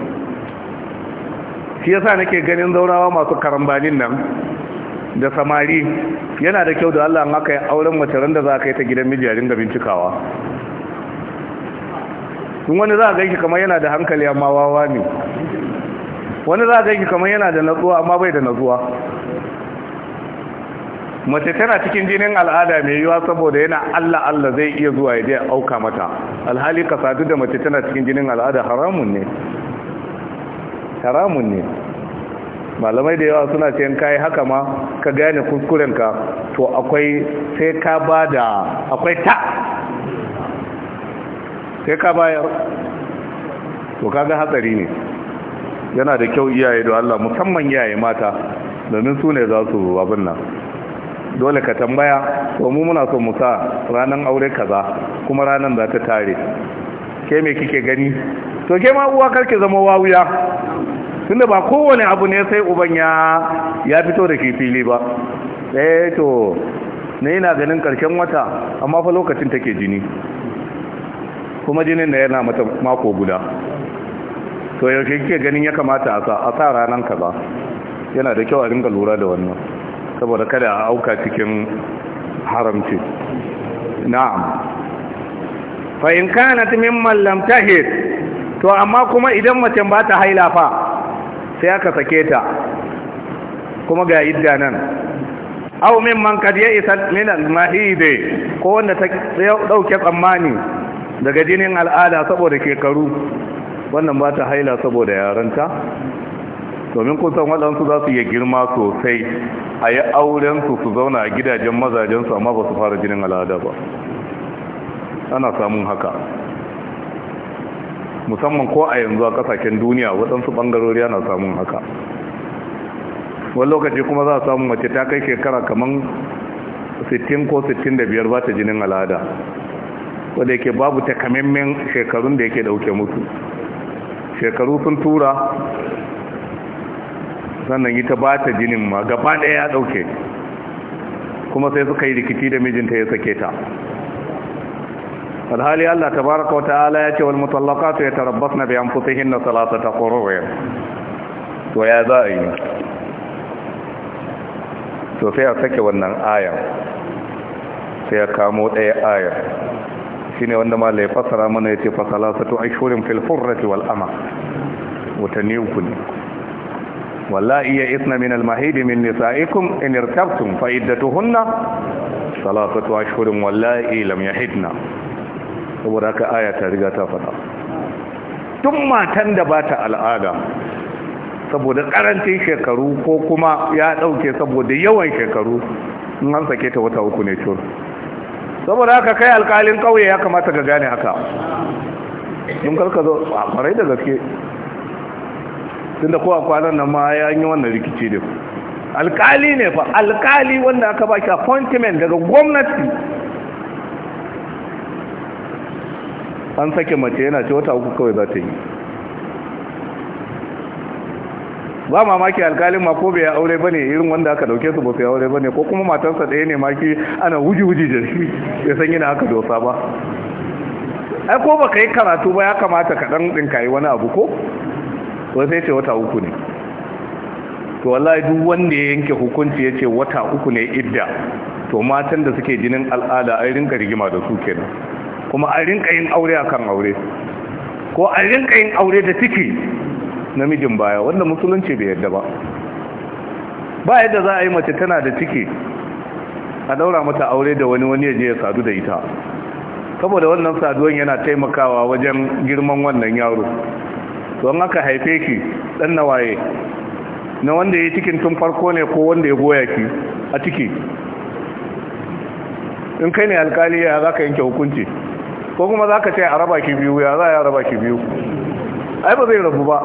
shi yasa nake ganin zaurawa masu karambanin nan da samari yana da kyau da Allah aka yi auren mace ran da za ka yi ta gidan miji da bincikawa tun wani za a gaiki kamar yana da hankali amma wawa ne wani za a gaiki kamar yana da natsuwa amma bai da natsuwa mace tana cikin jinin al'ada mai yiwa saboda yana Allah Allah zai iya zuwa ya je auka mata alhali ka sadu da mace tana cikin jinin al'ada haramun ne haramun ne malamai da yawa suna sayan kayi haka ma ka gane kuskurenka to akwai sai ka bada akwai ta sai ka bayar to kaga hatsari ne yana da kyau iyaye da Allah musamman iyaye mata domin su ne za su abin nan dole ka tambaya to mu muna so mu sa ranan aure kaza kuma ranan za ta tare ke me kike gani to ke ma uwa karki zama wawuya tunda ba kowane abu ne sai uban ya ya fito da fili ba eh to ne ina ganin karshen wata amma fa lokacin take jini kuma jinin da yana mata mako guda to yaushe kike ganin ya kamata a sa ranar ka ba yana da kyau a ringa lura da wannan saboda kada a auka cikin haramci na'am fa in kanat mimman lam tahir to amma kuma idan mace ba ta haila fa sai aka sake ta kuma ga idda nan aw mimman kad ya isa min al mahide ko wanda ta dauke tsammani daga jinin al'ada saboda shekaru wannan ba ta haila saboda yaranta domin kusan waɗansu za su iya girma sosai a yi aurensu su zauna a gidajen mazajensu amma ba su fara jinin al'ada ba ana samun haka musamman ko a yanzu a kasashen duniya waɗansu ɓangarori ana samun haka wani lokaci kuma za a samu mace ta kai shekara kamar 60 ko 65 ba ta jinin al'ada wanda yake babu takamaiman shekarun da yake dauke mutu shekaru sun tura sannan ta ba ta jinin ma gaba ɗaya ya dauke kuma sai suka yi rikici da mijinta ya sake ta alhali Allah Ta baraka wa ta'ala ya ce wal mutallaqatu yatarabbasna na anfusihinna ta kororoyar to ya za a yi to sai a sake wannan ayar sai ya kamo ɗaya ayar shine wanda malai fasara mana yace fa salasatu ashhurin fil furrati wal ama watanni uku ne wallahi ya isna min al mahid min nisaikum in irtabtum fa iddatuhunna salasatu ashhurin wallahi lam yahidna saboda haka aya ta riga ta fada tun matan da bata al'ada saboda karancin shekaru ko kuma ya dauke saboda yawan shekaru in an sake ta wata uku ne shuru saboda haka kai alkalin kauye ya kamata ka gane haka in karka zo a kwarai da gaske tunda ko a kwanan nan ma ya yi wannan rikici da alkali ne fa alkali wanda aka ba shi appointment daga gwamnati an sake mace yana ce wata uku kawai za ta yi ba mamaki alkalin ma ko bai ya aure bane irin wanda aka dauke su ba su ya aure bane ko kuma matarsa ɗaya ne maki ana wuji wuji da shi ya san yana aka dosa ba ai ko baka yi karatu ba ya kamata ka dan dinka yi wani abu ko to sai ce wata uku ne to wallahi duk wanda ya yanke hukunci ya ce wata uku ne idda to matan da suke jinin al'ada ai rinka rigima da su kenan kuma a rinka yin aure akan aure ko a rinka yin aure da ciki namijin baya wanda musulunci bai yadda ba ba yadda za a yi mace tana da ciki a daura mata aure da wani wani yaje ya sadu da ita saboda wannan saduwan yana taimakawa wajen girman wannan yaro don haka haife ki dan nawaye na wanda ya cikin tun farko ne ko wanda ya goya ki a ciki in kai ne alkali ya za ka yanke hukunci ko kuma za ka ce a raba ki biyu ya za a raba ki biyu ai ba zai rabu ba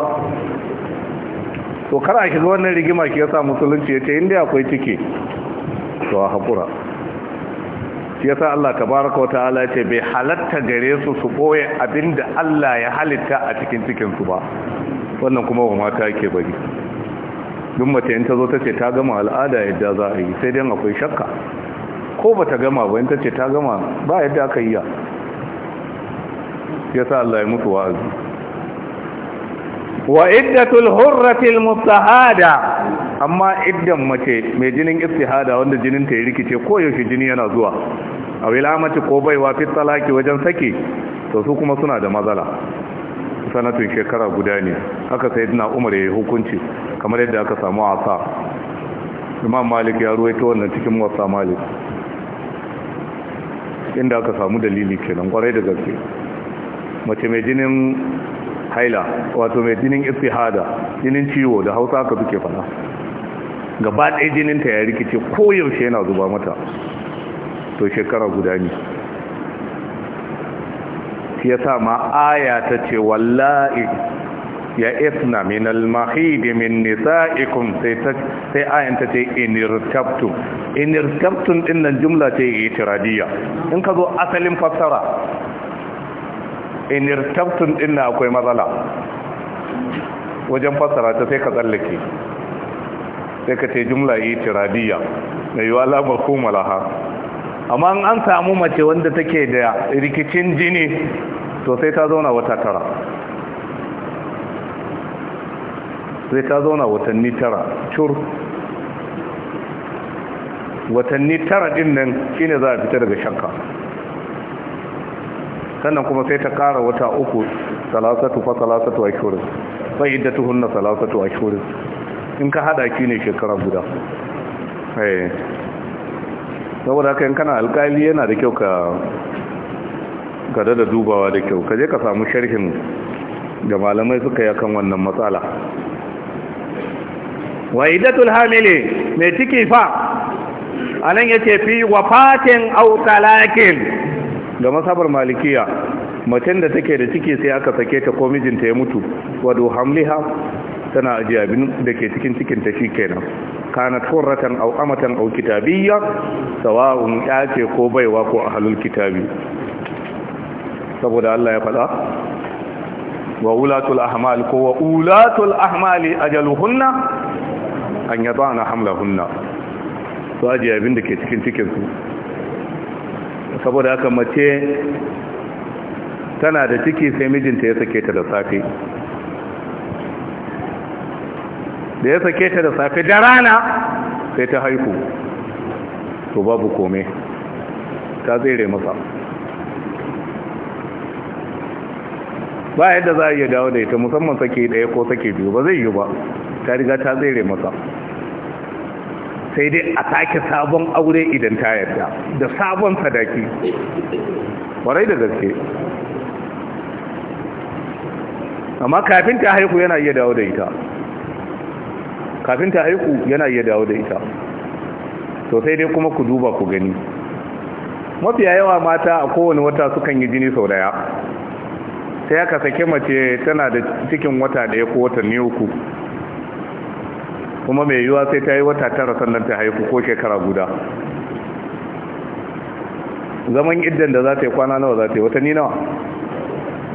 to kar a shiga wannan rigima ke yasa musulunci ya ce inda akwai ciki to a haƙura shi yasa Allah tabaraka wa ta'ala ce bai halatta gare su su boye abinda Allah ya halitta a cikin cikin su ba wannan kuma wa mata yake bari duk mace in ta zo ta ce ta gama al'ada yadda za a yi sai dai akwai shakka ko ba ta gama ba in ta ce ta gama ba yadda aka yi ya yasa Allah ya mutu wa'azi wa iddatul hurratil mutahada amma iddan mace mai jinin istihada wanda jinin ta yi rikice ko yaushe jini yana zuwa a wilamaci ko baiwa fi talaki wajen saki to su kuma suna da matsala sanatun shekara guda ne haka sai dina umar ya yi hukunci kamar yadda aka samu asa imam malik ya ruwaito wannan cikin wasa malik inda aka samu dalili kenan kwarai da gaske mace mai jinin haila wato mai jinin istihada jinin ciwo da hausa ka suke fada gaba ɗaya jininta ya rikice koyaushe yana zuba mata to shekara guda ne ya sa ma aya ta ce wallahi ya isna min al-mahidi min nisa'ikum sai ta sai ayan ta ce inirtabtum inirtabtum din nan jumla ce itiradiya in ka zo asalin fassara in irtabtum din na akwai matsala wajen fassara ta sai ka tsallake sai ka ce jumla yi tiradiyya na yi wala kuma laha amma an samu mace wanda take da rikicin jini to sai ta zauna wata tara sai ta zauna watanni tara cur watanni tara din nan shine za a fita daga shanka sannan kuma sai ta kara wata uku salasatu fa salasatu ashhurin fa iddatuhunna salasatu ashhurin in ka hada ki ne shekara guda eh saboda haka in kana alkali yana da kyau ka gada da dubawa da kyau ka je ka samu sharhin da malamai suka yi kan wannan matsala wa iddatul hamili mai ciki fa anan yace fi wafatin aw talakin ga masabar malikiya macen da take da ciki sai aka sake ta ko mijinta ya mutu wado hamliha tana ajiya bin da ke cikin cikin ta shi kenan kana turratan aw amatan aw kitabiyya sawa'un yace ko baiwa ko ahlul kitabi saboda Allah ya faɗa wa ulatul ahmal ko wa ulatul ahmali ajaluhunna an yadana hamlahunna to ajiya bin da ke cikin cikin su saboda haka mace tana da ciki sai mijinta ya sake ta da safe da ya sake ta da safe da rana sai ta haihu to babu kome ta tsere masa ba yadda za a iya dawo da ita musamman sake daya ko sake biyu ba zai yi ba ta riga ta tsere masa sai dai a sake sabon aure idan ta yarda da sabon sadaki warai da gaske amma kafin ta haiku yana iya dawo da ita kafin ta haiku yana iya dawo da ita to sai dai kuma ku duba ku gani mafiya yawa mata a kowane wata sukan yi jini sau daya sai aka sake mace tana da cikin wata daya ko watanni uku kuma mai yiwuwa sai ta yi wata tara sannan ta haihu ko shekara guda zaman idan da za ta yi kwana nawa za ta yi watanni nawa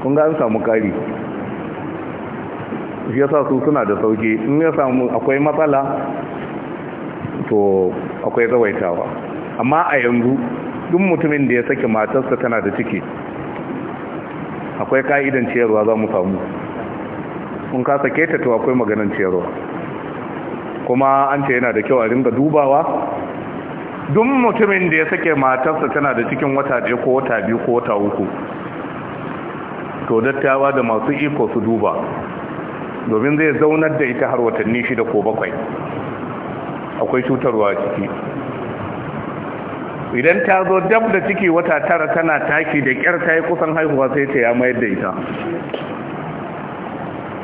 kun ga an samu kari shi sa su suna da sauki in ya samu akwai matsala to akwai zawaitawa amma a yanzu duk mutumin da ya sake matarsa tana da ciki akwai ka'idan ciyarwa za mu samu in ka sake ta to akwai maganan ciyarwa kuma an ce yana da kyau a ringa dubawa duk mutumin da ya sake matarsa tana da cikin wata ɗaya ko wata biyu ko wata uku to dattawa da masu iko su duba domin zai zaunar da ita har watanni shida ko bakwai akwai cutarwa ciki idan ta zo dab da ciki wata tara tana taki da kyar ta yi kusan haihuwa sai ta ya mayar da ita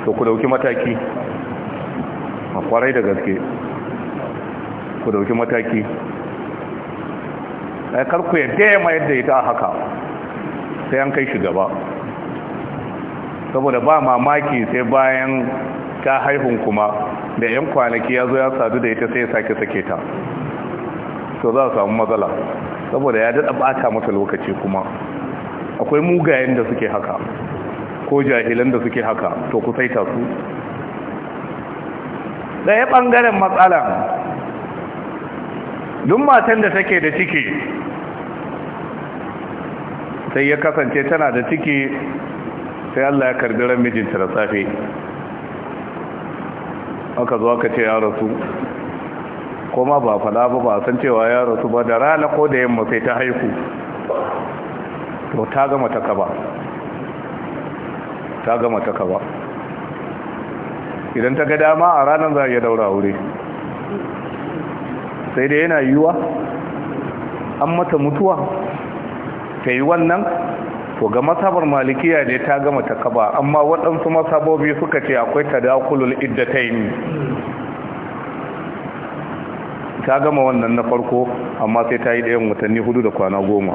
to ku dauki mataki a kwarai da gaske ku dauki mataki a karku yadda ya mayar da ita haka sai an kai shi gaba saboda ba mamaki sai bayan ta haihun kuma da 'yan kwanaki ya zo ya sadu da ita sai ya sake sake ta to za a samu matsala saboda ya daɗa ɓata mata lokaci kuma akwai mugayen da suke haka ko jahilan da suke haka to ku saita su ɗaya ɓangaren matsala duk matan da take da ciki sai ya kasance tana da ciki sai Allah ya karbi ran mijinta da safe aka zo aka ce ya rasu kuma ba fada ba ba san cewa ya rasu ba da rana ko da yamma sai ta haihu to ta gama ta kaba ta gama ta kaba idan ta ga dama a ranar za a iya daura aure sai dai yana yiwuwa an mata mutuwa ta yi wannan to ga masabar malikiya ne ta gama ta kaba amma waɗansu masabobi suka ce akwai ta tadakulul iddatain ta gama wannan na farko amma sai ta yi ɗayan watanni hudu da kwana goma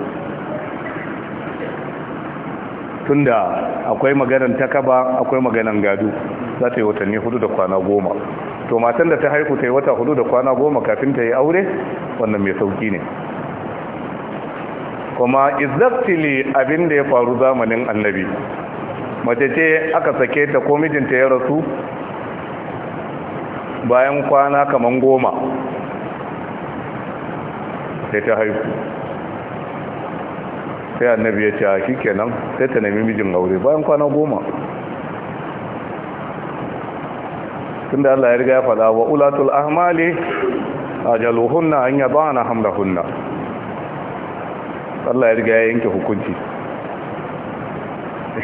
tunda akwai maganan takaba akwai maganan gado za ta yi watanni hudu da kwana goma to matan da ta haiku ta yi wata hudu da kwana goma kafin ta yi aure wannan mai sauki ne kuma izaktili abin da ya faru zamanin annabi mace ce aka sake ta ko mijinta ya rasu bayan kwana kaman goma sai ta haiku sai annabi ya ce a kenan sai ta nemi mijin aure bayan kwana goma tunda Allah ya riga ya fada wa ulatul ahmali ajaluhunna an yadana hamlahunna Allah ya riga ya yanke hukunci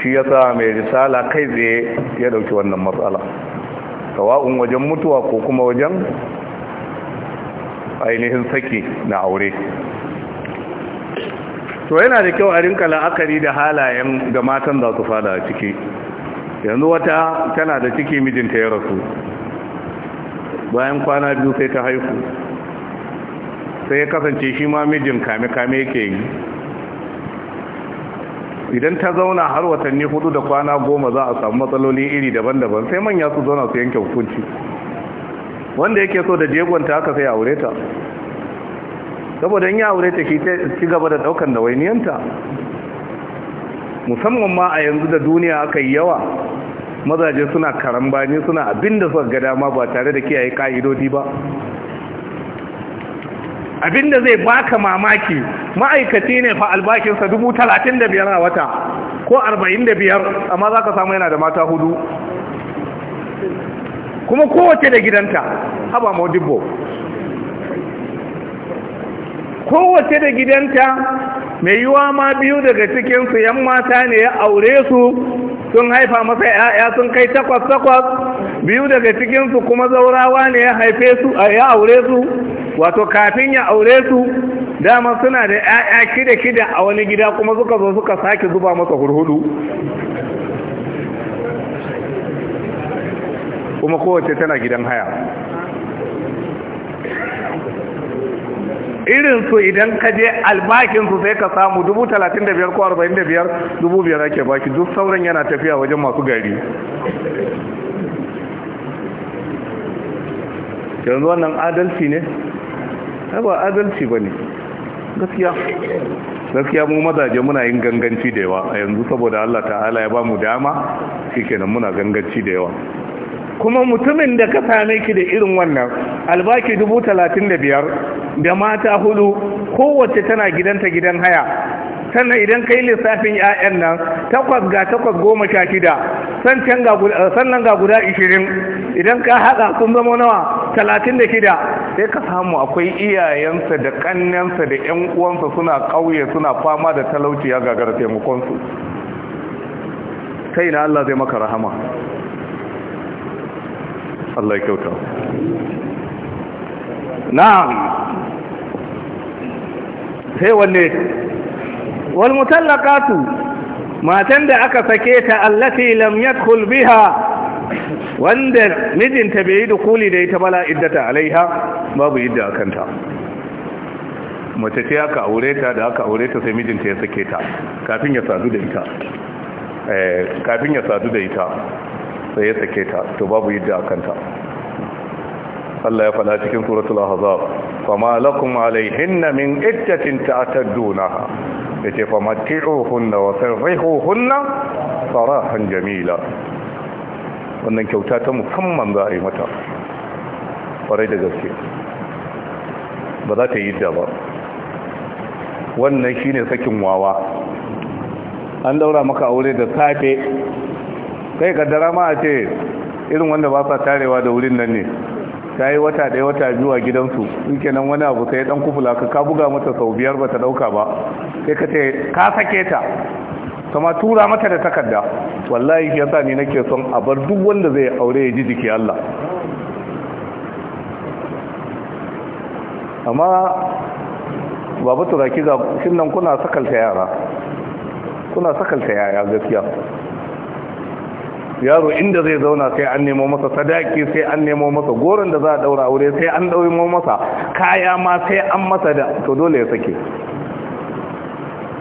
shi ya sa mai risala kai zai ya dauki wannan matsala tawa'un wajen mutuwa ko kuma wajen ainihin saki na aure to yana da kyau a rinka la'akari da halayen ga matan za su fada a ciki yanzu wata tana da ciki mijinta ya rasu bayan kwana biyu sai ta haihu sai ya kasance shi ma mijin kame-kame yake yi idan ta zauna har watanni hudu da kwana goma za a samu matsaloli iri daban-daban sai manya su zauna su yanke hukunci wanda yake so da jegonta aka sai aureta. saboda ya aure ta shi ci gaba da daukan da wainiyanta musamman ma a yanzu da duniya aka yi yawa mazaje suna karambani suna abinda suka ga dama ba tare da kiyaye ka'idodi ba Abin da zai baka mamaki ma'aikaci ne fa albakinsa dubu talatin da a wata ko arba'in amma za ka samu yana da mata hudu kuma kowace da gidanta haba ma dubbo kowace da gidanta mai yiwa ma biyu daga cikinsu yan mata ne ya aure su sun haifa masa ya'ya sun kai takwas-takwas biyu daga cikinsu kuma zaurawa ne ya haife su ya aure su wato kafin ya aure su dama suna da ya'ya kida-kida a wani gida kuma suka zo suka sake zuba masa hurhudu kuma kowace tana gidan haya irin su idan ka je albakin su sai ka samu dubu talatin da biyar ko arba'in da biyar dubu biyar ake baki duk sauran yana tafiya wajen masu gari yanzu wannan adalci ne ba adalci ba ne gaskiya gaskiya mu mazaje muna yin ganganci da yawa a yanzu saboda Allah ta'ala ya ba mu dama shikenan muna ganganci da yawa kuma mutumin da ka same ki da irin wannan albaki dubu talatin da biyar da mata hudu kowace tana gidanta gidan haya sannan idan kai lissafin 'ya'yan nan takwas ga takwas goma sha shida sannan ga guda ishirin idan ka haɗa sun zama nawa talatin da shida sai ka samu akwai iyayensa da ƙannensa da 'yan uwansa suna ƙauye suna fama da talauci ya gagara taimakonsu sai na Allah zai maka rahama Allah ya kyauta na'am sai wanne wal mutallaqatu matan da aka sake ta allati lam yadkhul biha wanda mijinta bai yi dukuli da ita bala iddata alaiha babu idda a kanta mace ce aka aure ta da aka aure ta sai mijinta ya sake ta kafin ya sadu da ita eh, kafin ya sadu da ita sa ya sake ta to babu yadda akanta Allah ya fada cikin suratul ahzab fama lakum alaihinna min iddatin ta'tadunaha yace famatti'uhunna wa sarrihuhunna sarahan jamila wannan kyauta ta musamman za a yi mata kwarai da gaske ba za ta yi da ba wannan shine sakin wawa an daura maka aure da safe kai kaddara ma a ce irin wanda ba sa tarewa da wurin nan ne ta yi wata ɗaya wata biyu a gidansu in nan wani abu sai dan kufula ka ka buga mata sau biyar ba ta ɗauka ba sai ka ce ka sake ta kama tura mata da takarda wallahi ya yasa ni nake son a bar duk wanda zai aure ya ji jiki Allah amma babu turaki ga shin nan kuna sakalta yara kuna sakalta yaya gaskiya yaro inda zai zauna sai an nemo masa sadaki sai an nemo masa goron da za a daura aure sai an dauro masa kaya ma sai an masa da to dole ya sake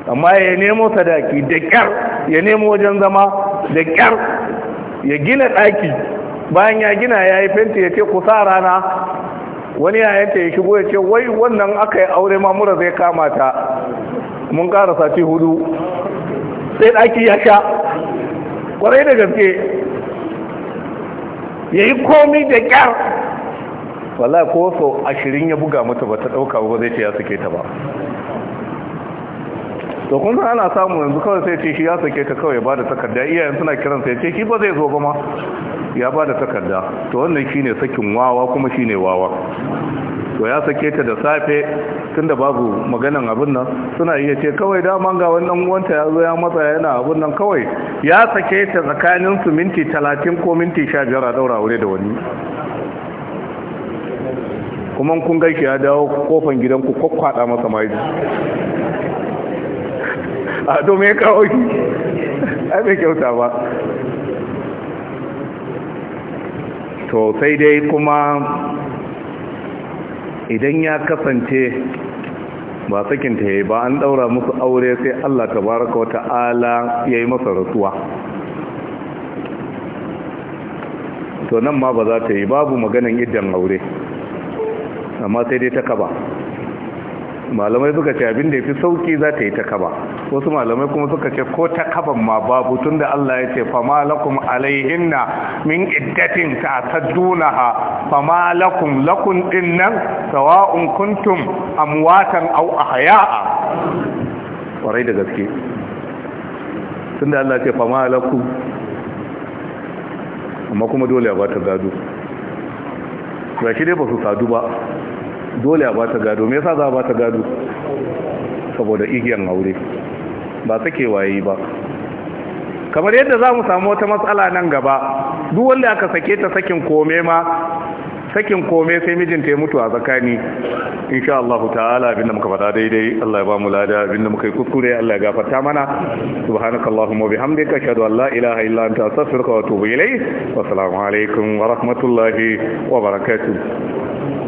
amma ya nemo sadaki da kyar ya nemo wajen zama da kyar ya gina ɗaki bayan ya gina ya yi fenti ya ce kusa rana wani yayanta ya shigo ya ce wai wannan aka yi aure ma mura zai kama ta mun ƙara sati hudu sai ɗaki ya sha kwarai da gaske ya yi komi da kyar wala ko sau ashirin ya buga mata ba ta ɗauka ba zai ce ya suke ta ba to kun ana samu yanzu kawai sai ce shi ya sake ta kawai ba da takarda iyayen suna kiran sai ce shi ba zai zo ba ma ya ba da takarda to wannan shine sakin wawa kuma shine wawa to ya sake ta da safe tunda babu maganan abin nan suna iya ce kawai daman ga wannan wanta ya zo ya matsa yana abin nan kawai ya sake ta tsakanin su minti talatin ko minti sha biyar a daura aure da wani kuma kun gaishe ya dawo kofan gidanku kwakwada masa maidu [laughs] a domin ya kawo shi ai bai kyauta ba to sai dai kuma idan ya kasance ba sakinta ya yi ba an ɗaura musu aure sai Allah tabaraka wata ala ya yi masa rasuwa to nan ma ba za ta yi babu maganin idan aure amma sai dai ta kaba malamai suka ce abin da ya fi sauki za ta yi ta kaba wasu malamai kuma suka ce ko ta kaban ma babu tun da Allah ya ce fama lakum alaihinna min iddatin ta ha fama lakum lakun din nan sawa'un kuntum amwatan aw ahya'a kwarai da gaske tun da Allah ya ce fama lakum amma kuma dole ya ba ta gado ba shi dai ba su sadu ba dole a bata gado me yasa za a bata gado saboda igiyan aure ba ke waye ba kamar yadda za mu samu wata matsala nan gaba duk wanda aka sake ta sakin kome ma sakin kome sai ta ya mutu a tsakani insha Allah ta'ala abinda muka faɗa daidai Allah ya ba mu lada abinda muka yi kuskure Allah ya gafarta mana subhanakallahumma bihamdika ashhadu an la ilaha illa anta astaghfiruka wa atubu ilayk wa assalamu alaikum wa rahmatullahi wa barakatuh